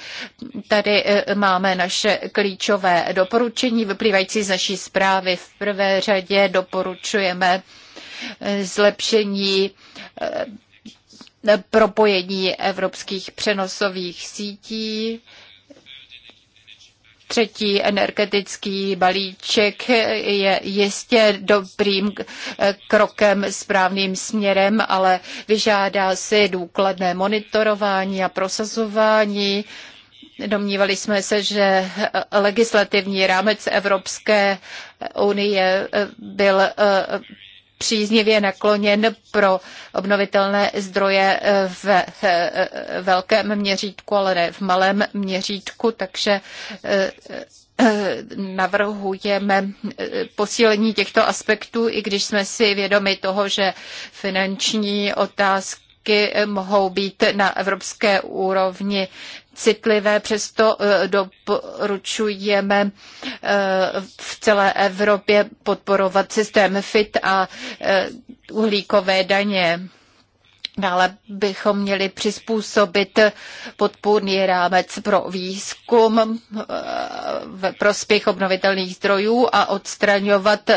Tady e, máme naše klíčové doporučení vyplývající z naší zprávy. V prvé řadě doporučujeme zlepšení propojení evropských přenosových sítí, Třetí energetický balíček je jistě dobrým eh, krokem správným směrem, ale vyžádá si důkladné monitorování a prosazování. Domnívali jsme se, že eh, legislativní rámec Evropské unie eh, byl příznivě nakloněn pro obnovitelné zdroje eh, v eh, eh, velkém měřítku, ale ne v malém měřítku, takže navrhujeme posílení těchto aspektů, i když jsme si vědomi toho, že finanční otázky otázky mohou být na evropské úrovni citlivé, přesto eh, doporučujeme eh, v celé Evropě podporovat systém FIT a eh, uhlíkové daně. Dále bychom měli přizpůsobit podpůrný rámec pro výzkum v prospěch obnovitelných zdrojů a odstraňovat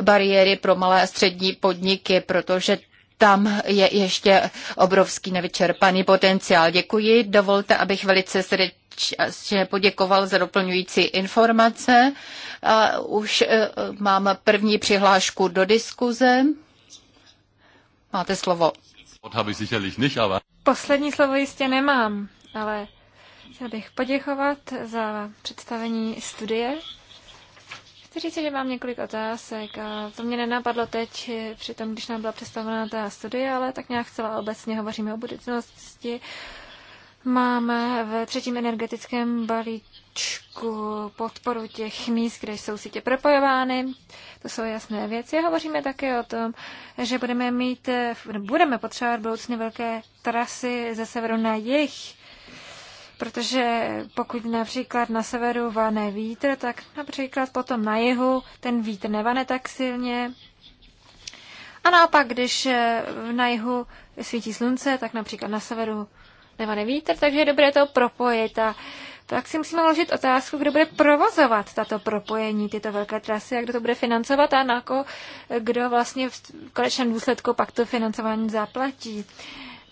bariéry pro malé a střední podniky, protože tam je ještě obrovský nevyčerpaný potenciál. Děkuji. Dovolte, abych velice srdečně poděkoval za doplňující informace. A už e, mám první přihlášku do diskuze. Máte slovo. Poslední slovo jistě nemám, ale chtěl bych poděkovat za představení studie Chci říct, že mám několik otázek a to mě nenapadlo teď, při tom, když nám byla představena ta studie, ale tak nějak celá obecně hovoříme o budoucnosti. Máme v třetím energetickém balíčku podporu těch míst, kde jsou sítě propojovány. To jsou jasné věci. Hovoříme také o tom, že budeme mít, budeme potřebovat budoucně velké trasy ze severu na jih protože pokud například na severu vane vítr, tak například potom na jihu ten vítr nevane tak silně. A naopak, když eh, na jihu svítí slunce, tak například na severu nevane vítr, takže je dobré to propojit. A tak si musíme vložit otázku, kdo bude provozovat tato propojení, tyto velké trasy, a kdo to bude financovat a nako, kdo vlastně v konečném důsledku pak to financování zaplatí.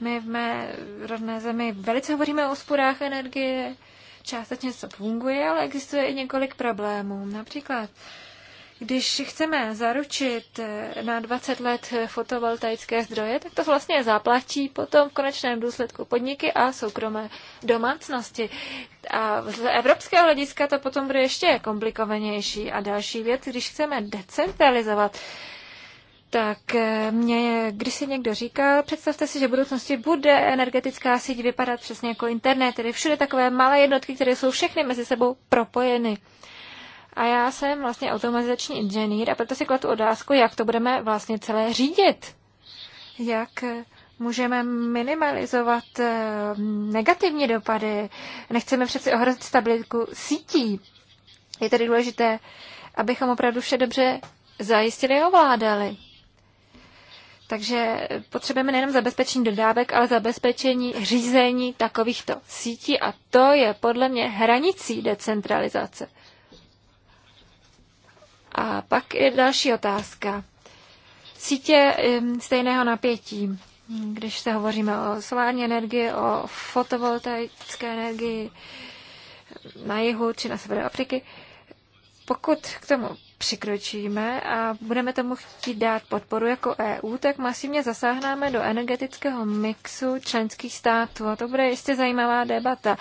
My v mé rodné zemi velice hovoříme o úsporách energie, částečně to funguje, ale existuje i několik problémů. Například když chceme zaručit eh, na 20 let eh, fotovoltaické zdroje, tak to vlastně zaplatí potom v konečném důsledku podniky a soukromé domácnosti. A z evropského hlediska to potom bude ještě komplikovanější. A další věc, když chceme decentralizovat tak eh, mě, když si někdo říkal, představte si, že v budoucnosti bude energetická síť vypadat přesně jako internet, tedy všude takové malé jednotky, které jsou všechny mezi sebou propojeny. A já jsem vlastně automatizační inženýr a proto si kladu otázku, jak to budeme vlastně celé řídit. Jak eh, můžeme minimalizovat eh, negativní dopady. Nechceme přeci ohrozit stabilitu sítí. Je tedy důležité, abychom opravdu vše dobře zajistili a ovládali. Takže potřebujeme nejenom zabezpečení dodávek, ale zabezpečení řízení takovýchto sítí a to je podle mě hranicí decentralizace. A pak je další otázka. Sítě stejného napětí, když se hovoříme o solární energii, o fotovoltaické energii na jihu či na severu Afriky, pokud k tomu přikročíme a budeme tomu chtít dát podporu jako EU, tak masivně zasáhneme do energetického mixu členských států. A to bude jistě zajímavá debata,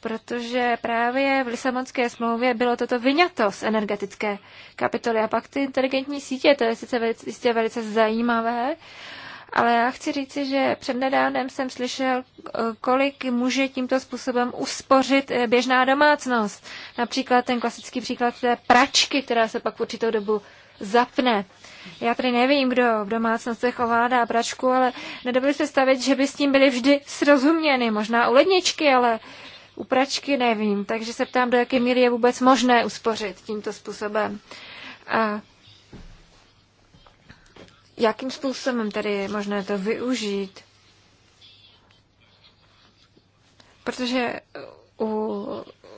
protože právě v Lisabonské smlouvě bylo toto vyňato z energetické kapitoly. A pak ty inteligentní sítě, to je sice velice, jistě velice zajímavé, ale já chci říci, že přednedávnem jsem slyšel, eh, kolik může tímto způsobem uspořit eh, běžná domácnost. Například ten klasický příklad té pračky, která se pak v určitou dobu zapne. Já tady nevím, kdo v domácnostech ovládá pračku, ale nedobili se stavit, že by s tím byly vždy srozuměny. Možná u ledničky, ale u pračky nevím. Takže se ptám, do jaké míry je vůbec možné uspořit tímto způsobem. A jakým způsobem tedy je možné to využít. Protože uh, u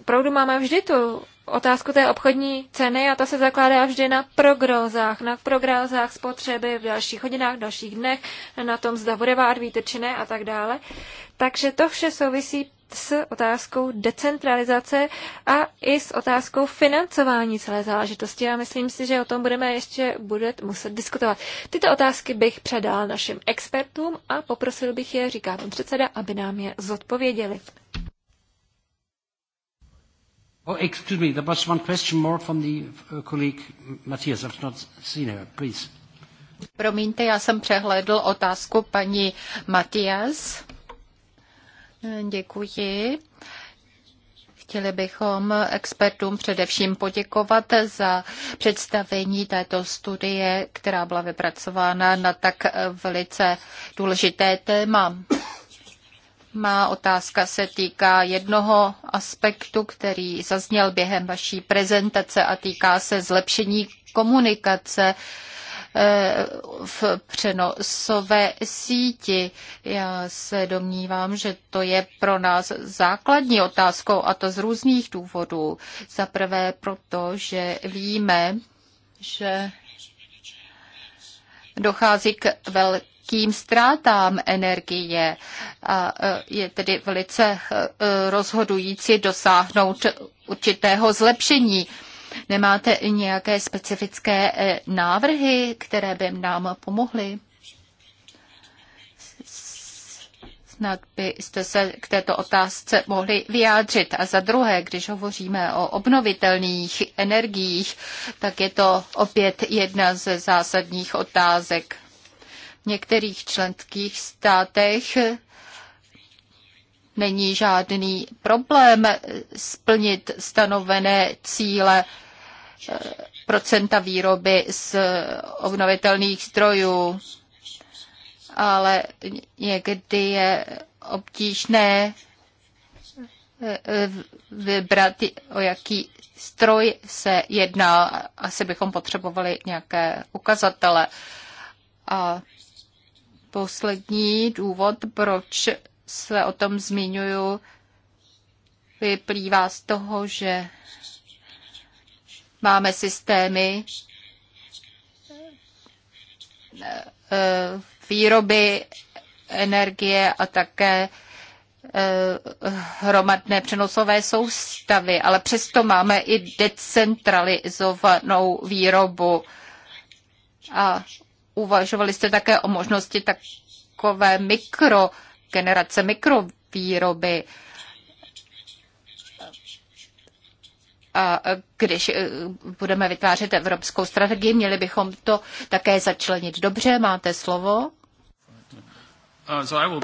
proudu máme vždy tu otázku té obchodní ceny a ta se zakládá vždy na progrozách, na progrozách spotřeby v dalších hodinách, v dalších dnech, na tom, zda bude vár a tak dále. Takže to vše souvisí s otázkou decentralizace a i s otázkou financování celé záležitosti. Já myslím si, že o tom budeme ještě bude muset diskutovat. Tyto otázky bych předal našim expertům a poprosil bych je, říká pan předseda, aby nám je zodpověděli. Oh, excuse me, there was one question more from the uh, colleague Matthias. I've not seen her, please. Promiňte, já jsem přehlédl otázku paní Matias. Děkuji. Chtěli bychom expertům především poděkovat za představení této studie, která byla vypracována na tak velice důležité téma. Má otázka se týká jednoho aspektu, který zazněl během vaší prezentace a týká se zlepšení komunikace Eh, v přenosové síti. Já se domnívám, že to je pro nás základní otázkou a to z různých důvodů. Za prvé proto, že víme, že dochází k velké velkým ztrátám energie. A eh, je tedy velice eh, rozhodující dosáhnout určitého zlepšení. Nemáte nějaké specifické eh, návrhy, které by nám pomohly? Snad byste se k této otázce mohli vyjádřit. A za druhé, když hovoříme o obnovitelných energiích, tak je to opět jedna ze zásadních otázek. V některých členských státech není žádný problém splnit stanovené cíle procenta výroby z obnovitelných zdrojů, ale někdy je obtížné eh, eh, vybrat, o jaký stroj se jedná. Asi bychom potřebovali nějaké ukazatele. A poslední důvod, proč se o tom zmiňuju, vyplývá z toho, že Máme systémy eh, výroby energie a také eh, hromadné přenosové soustavy, ale přesto máme i decentralizovanou výrobu. A uvažovali jste také o možnosti takové mikrogenerace, mikrovýroby. když eh, budeme vytvářet evropskou strategii, měli bychom to také začlenit. Dobře, máte slovo. Uh,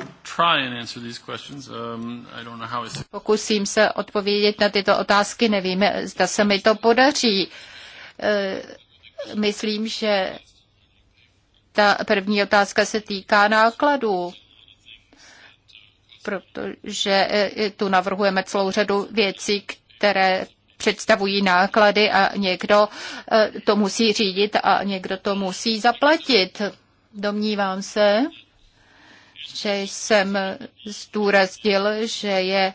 um, Pokusím se odpovědět na tyto otázky, nevím, zda se mi to podaří. Eh, myslím, že ta první otázka se týká nákladů, protože eh, tu navrhujeme celou řadu věcí, které představují náklady a někdo eh, to musí řídit a někdo to musí zaplatit. Domnívám se, že jsem zdůraznil, že je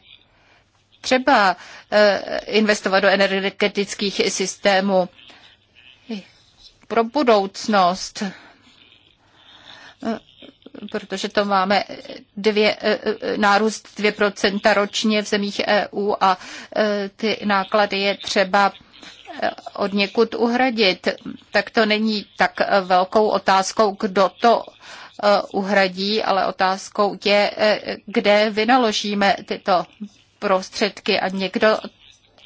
třeba eh, investovat do energetických systémů pro budoucnost eh, protože to máme dvě, e, e, nárůst 2% ročně v zemích EU a e, ty náklady je třeba od někud uhradit, tak to není tak velkou otázkou, kdo to uhradí, ale otázkou je, kde vynaložíme tyto prostředky a někdo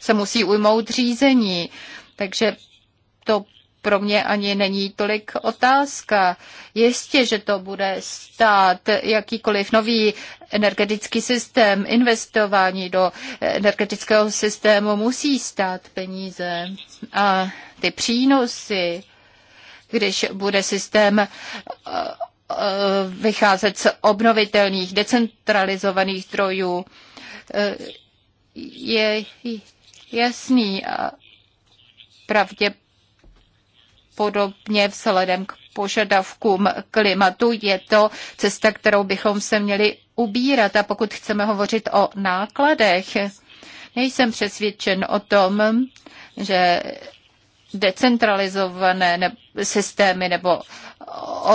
se musí ujmout řízení. Takže to pro mě ani není tolik otázka. Jistě, že to bude stát jakýkoliv nový energetický systém, investování do energetického systému musí stát peníze. A ty přínosy, když bude systém eh, eh, vycházet z obnovitelných, decentralizovaných zdrojů, eh, je jasný a pravděpodobný. Podobně vzhledem k požadavkům klimatu je to cesta, kterou bychom se měli ubírat. A pokud chceme hovořit o nákladech, nejsem přesvědčen o tom, že decentralizované systémy nebo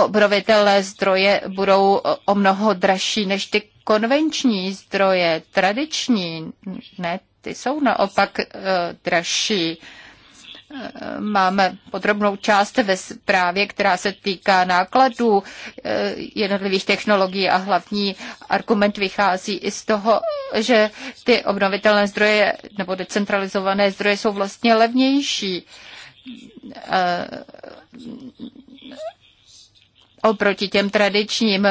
obrovitelné zdroje budou o mnoho dražší než ty konvenční zdroje, tradiční. Ne, ty jsou naopak eh, dražší. Máme podrobnou část ve zprávě, která se týká nákladů eh, jednotlivých technologií a hlavní argument vychází i z toho, že ty obnovitelné zdroje nebo decentralizované zdroje jsou vlastně levnější eh, oproti těm tradičním,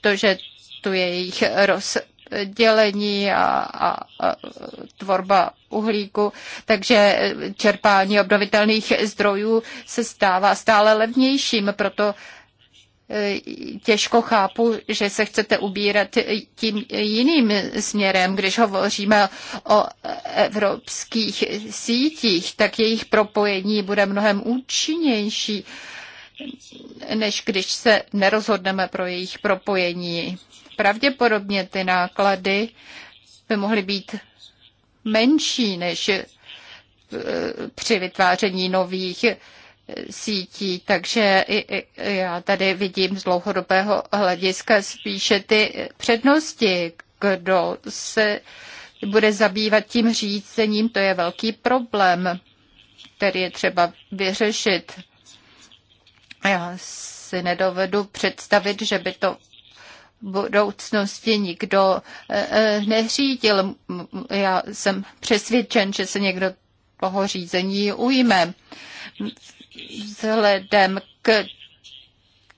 protože tu je jejich roz dělení a, a, a tvorba uhlíku, takže čerpání obnovitelných zdrojů se stává stále levnějším, proto e, těžko chápu, že se chcete ubírat tím jiným směrem. Když hovoříme o evropských sítích, tak jejich propojení bude mnohem účinnější, než když se nerozhodneme pro jejich propojení pravděpodobně ty náklady by mohly být menší než eh, při vytváření nových eh, sítí, takže já tady vidím z dlouhodobého hlediska spíše ty přednosti, kdo se bude zabývat tím řízením, to je velký problém, který je třeba vyřešit. Já si nedovedu představit, že by to budoucnosti nikdo eh, eh, neřídil. Já jsem přesvědčen, že se někdo toho řízení ujme. Vzhledem k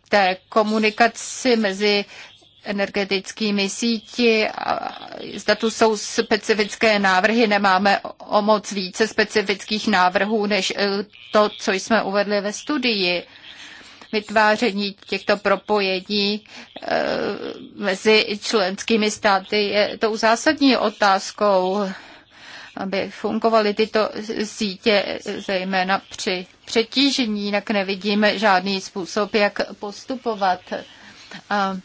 té komunikaci mezi energetickými síti. Zda tu jsou specifické návrhy, nemáme o moc více specifických návrhů, než eh, to, co jsme uvedli ve studii vytváření těchto propojení eh, mezi členskými státy je tou zásadní otázkou, aby fungovaly tyto sítě, zejména při přetížení, jinak nevidíme žádný způsob, jak postupovat. A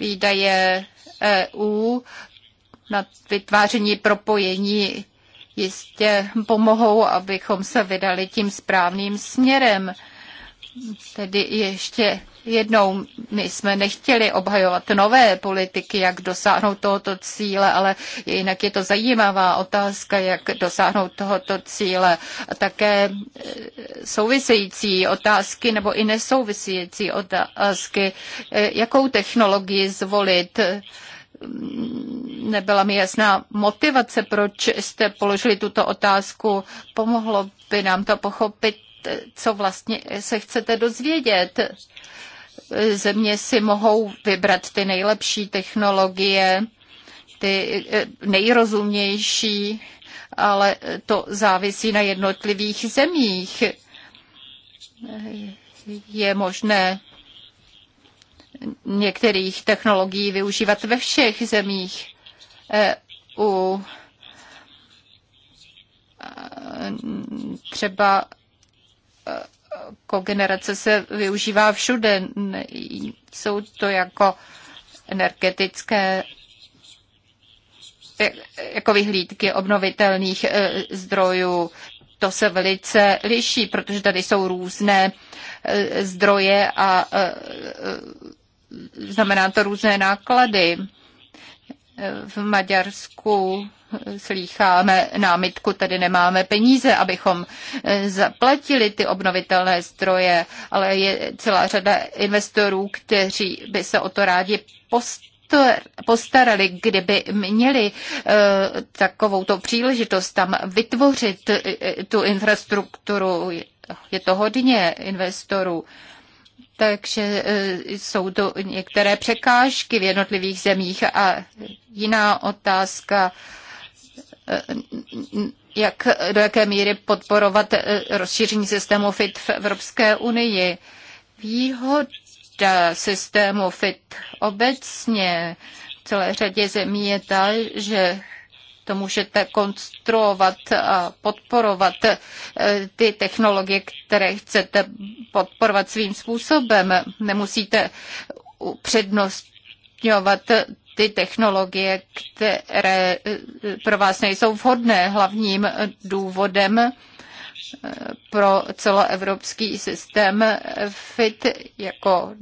výdaje EU na vytváření propojení jistě pomohou, abychom se vydali tím správným směrem. Tedy ještě jednou, my jsme nechtěli obhajovat nové politiky, jak dosáhnout tohoto cíle, ale jinak je to zajímavá otázka, jak dosáhnout tohoto cíle. A také e, související otázky nebo i nesouvisející otázky, e, jakou technologii zvolit Mm, nebyla mi jasná motivace, proč jste položili tuto otázku. Pomohlo by nám to pochopit, co vlastně se chcete dozvědět. Země si mohou vybrat ty nejlepší technologie, ty eh, nejrozumější, ale to závisí na jednotlivých zemích. Je možné některých technologií využívat ve všech zemích EU. Třeba e, kogenerace se využívá všude. Jsou to jako energetické e, jako vyhlídky obnovitelných e, zdrojů. To se velice liší, protože tady jsou různé zdroje a znamená to různé náklady. V Maďarsku slýcháme námitku, tady nemáme peníze, abychom eh, zaplatili ty obnovitelné zdroje, ale je celá řada investorů, kteří by se o to rádi postavili postarali, kdyby měli eh, takovou to příležitost tam vytvořit eh, tu infrastrukturu. Je to hodně investorů takže e, jsou to některé překážky v jednotlivých zemích. A jiná otázka, e, jak, do jaké míry podporovat e, rozšíření systému FIT v Evropské unii. Výhoda systému FIT obecně v celé řadě zemí je ta, že to můžete konstruovat a podporovat eh, ty technologie, které chcete podporovat svým způsobem. Nemusíte upřednostňovat ty technologie, které eh, pro vás nejsou vhodné. Hlavním důvodem eh, pro celoevropský systém FIT jako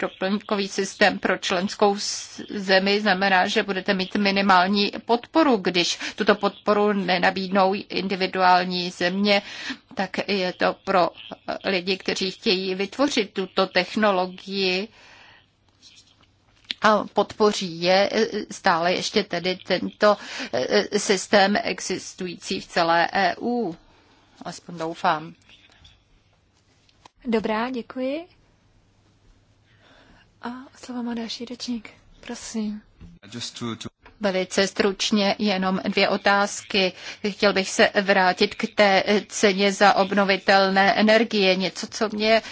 doplňkový systém pro členskou zemi znamená, že budete mít minimální podporu. Když tuto podporu nenabídnou individuální země, tak je to pro eh, lidi, kteří chtějí vytvořit tuto technologii a podpoří je eh, stále ještě tedy tento eh, systém existující v celé EU. Aspoň doufám. Dobrá, děkuji. A slovo má další řečník. Prosím. Velice stručně jenom dvě otázky. Chtěl bych se vrátit k té ceně za obnovitelné energie. Něco, co mě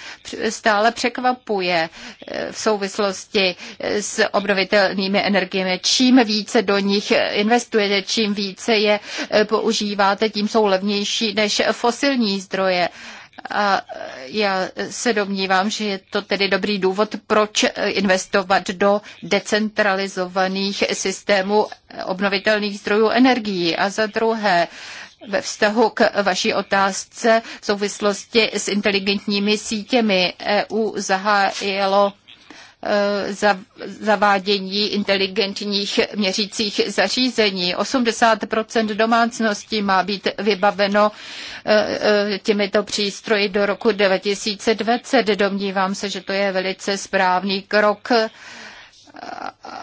stále překvapuje eh, v souvislosti s obnovitelnými energiemi. Čím více do nich investujete, čím více je eh, používáte, tím jsou levnější než fosilní zdroje. A já se domnívám, že je to tedy dobrý důvod, proč investovat do decentralizovaných systémů obnovitelných zdrojů energií. A za druhé, ve vztahu k vaší otázce v souvislosti s inteligentními sítěmi EU zahájilo Eh, zavádění inteligentních měřících zařízení. 80 domácností má být vybaveno eh, eh, těmito přístroji do roku 2020. Domnívám se, že to je velice správný krok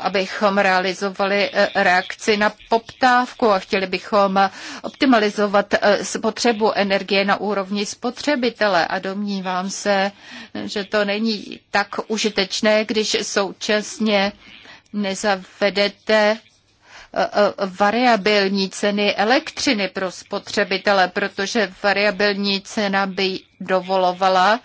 abychom realizovali eh, reakci na poptávku a chtěli bychom optimalizovat eh, spotřebu energie na úrovni spotřebitele. A domnívám se, že to není tak užitečné, když současně nezavedete eh, variabilní ceny elektřiny pro spotřebitele, protože variabilní cena by dovolovala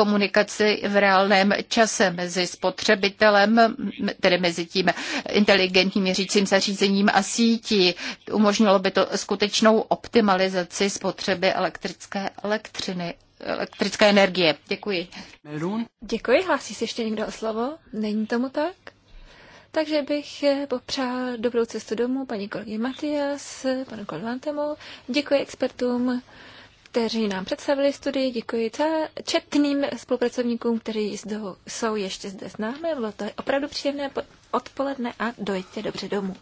komunikaci v reálném čase mezi spotřebitelem, tedy mezi tím inteligentním měřícím zařízením a sítí. Umožnilo by to skutečnou optimalizaci spotřeby elektrické elektřiny elektrické energie. Děkuji. Melun. Děkuji, hlásí se ještě někdo o slovo? Není tomu tak? Takže bych popřál dobrou cestu domů paní kolegyně Matias, panu Kolvantemu. Děkuji expertům kteří nám představili studii. Děkuji četným spolupracovníkům, kteří jsou ještě zde s námi. Bylo to opravdu příjemné odpoledne a dojďte dobře domů.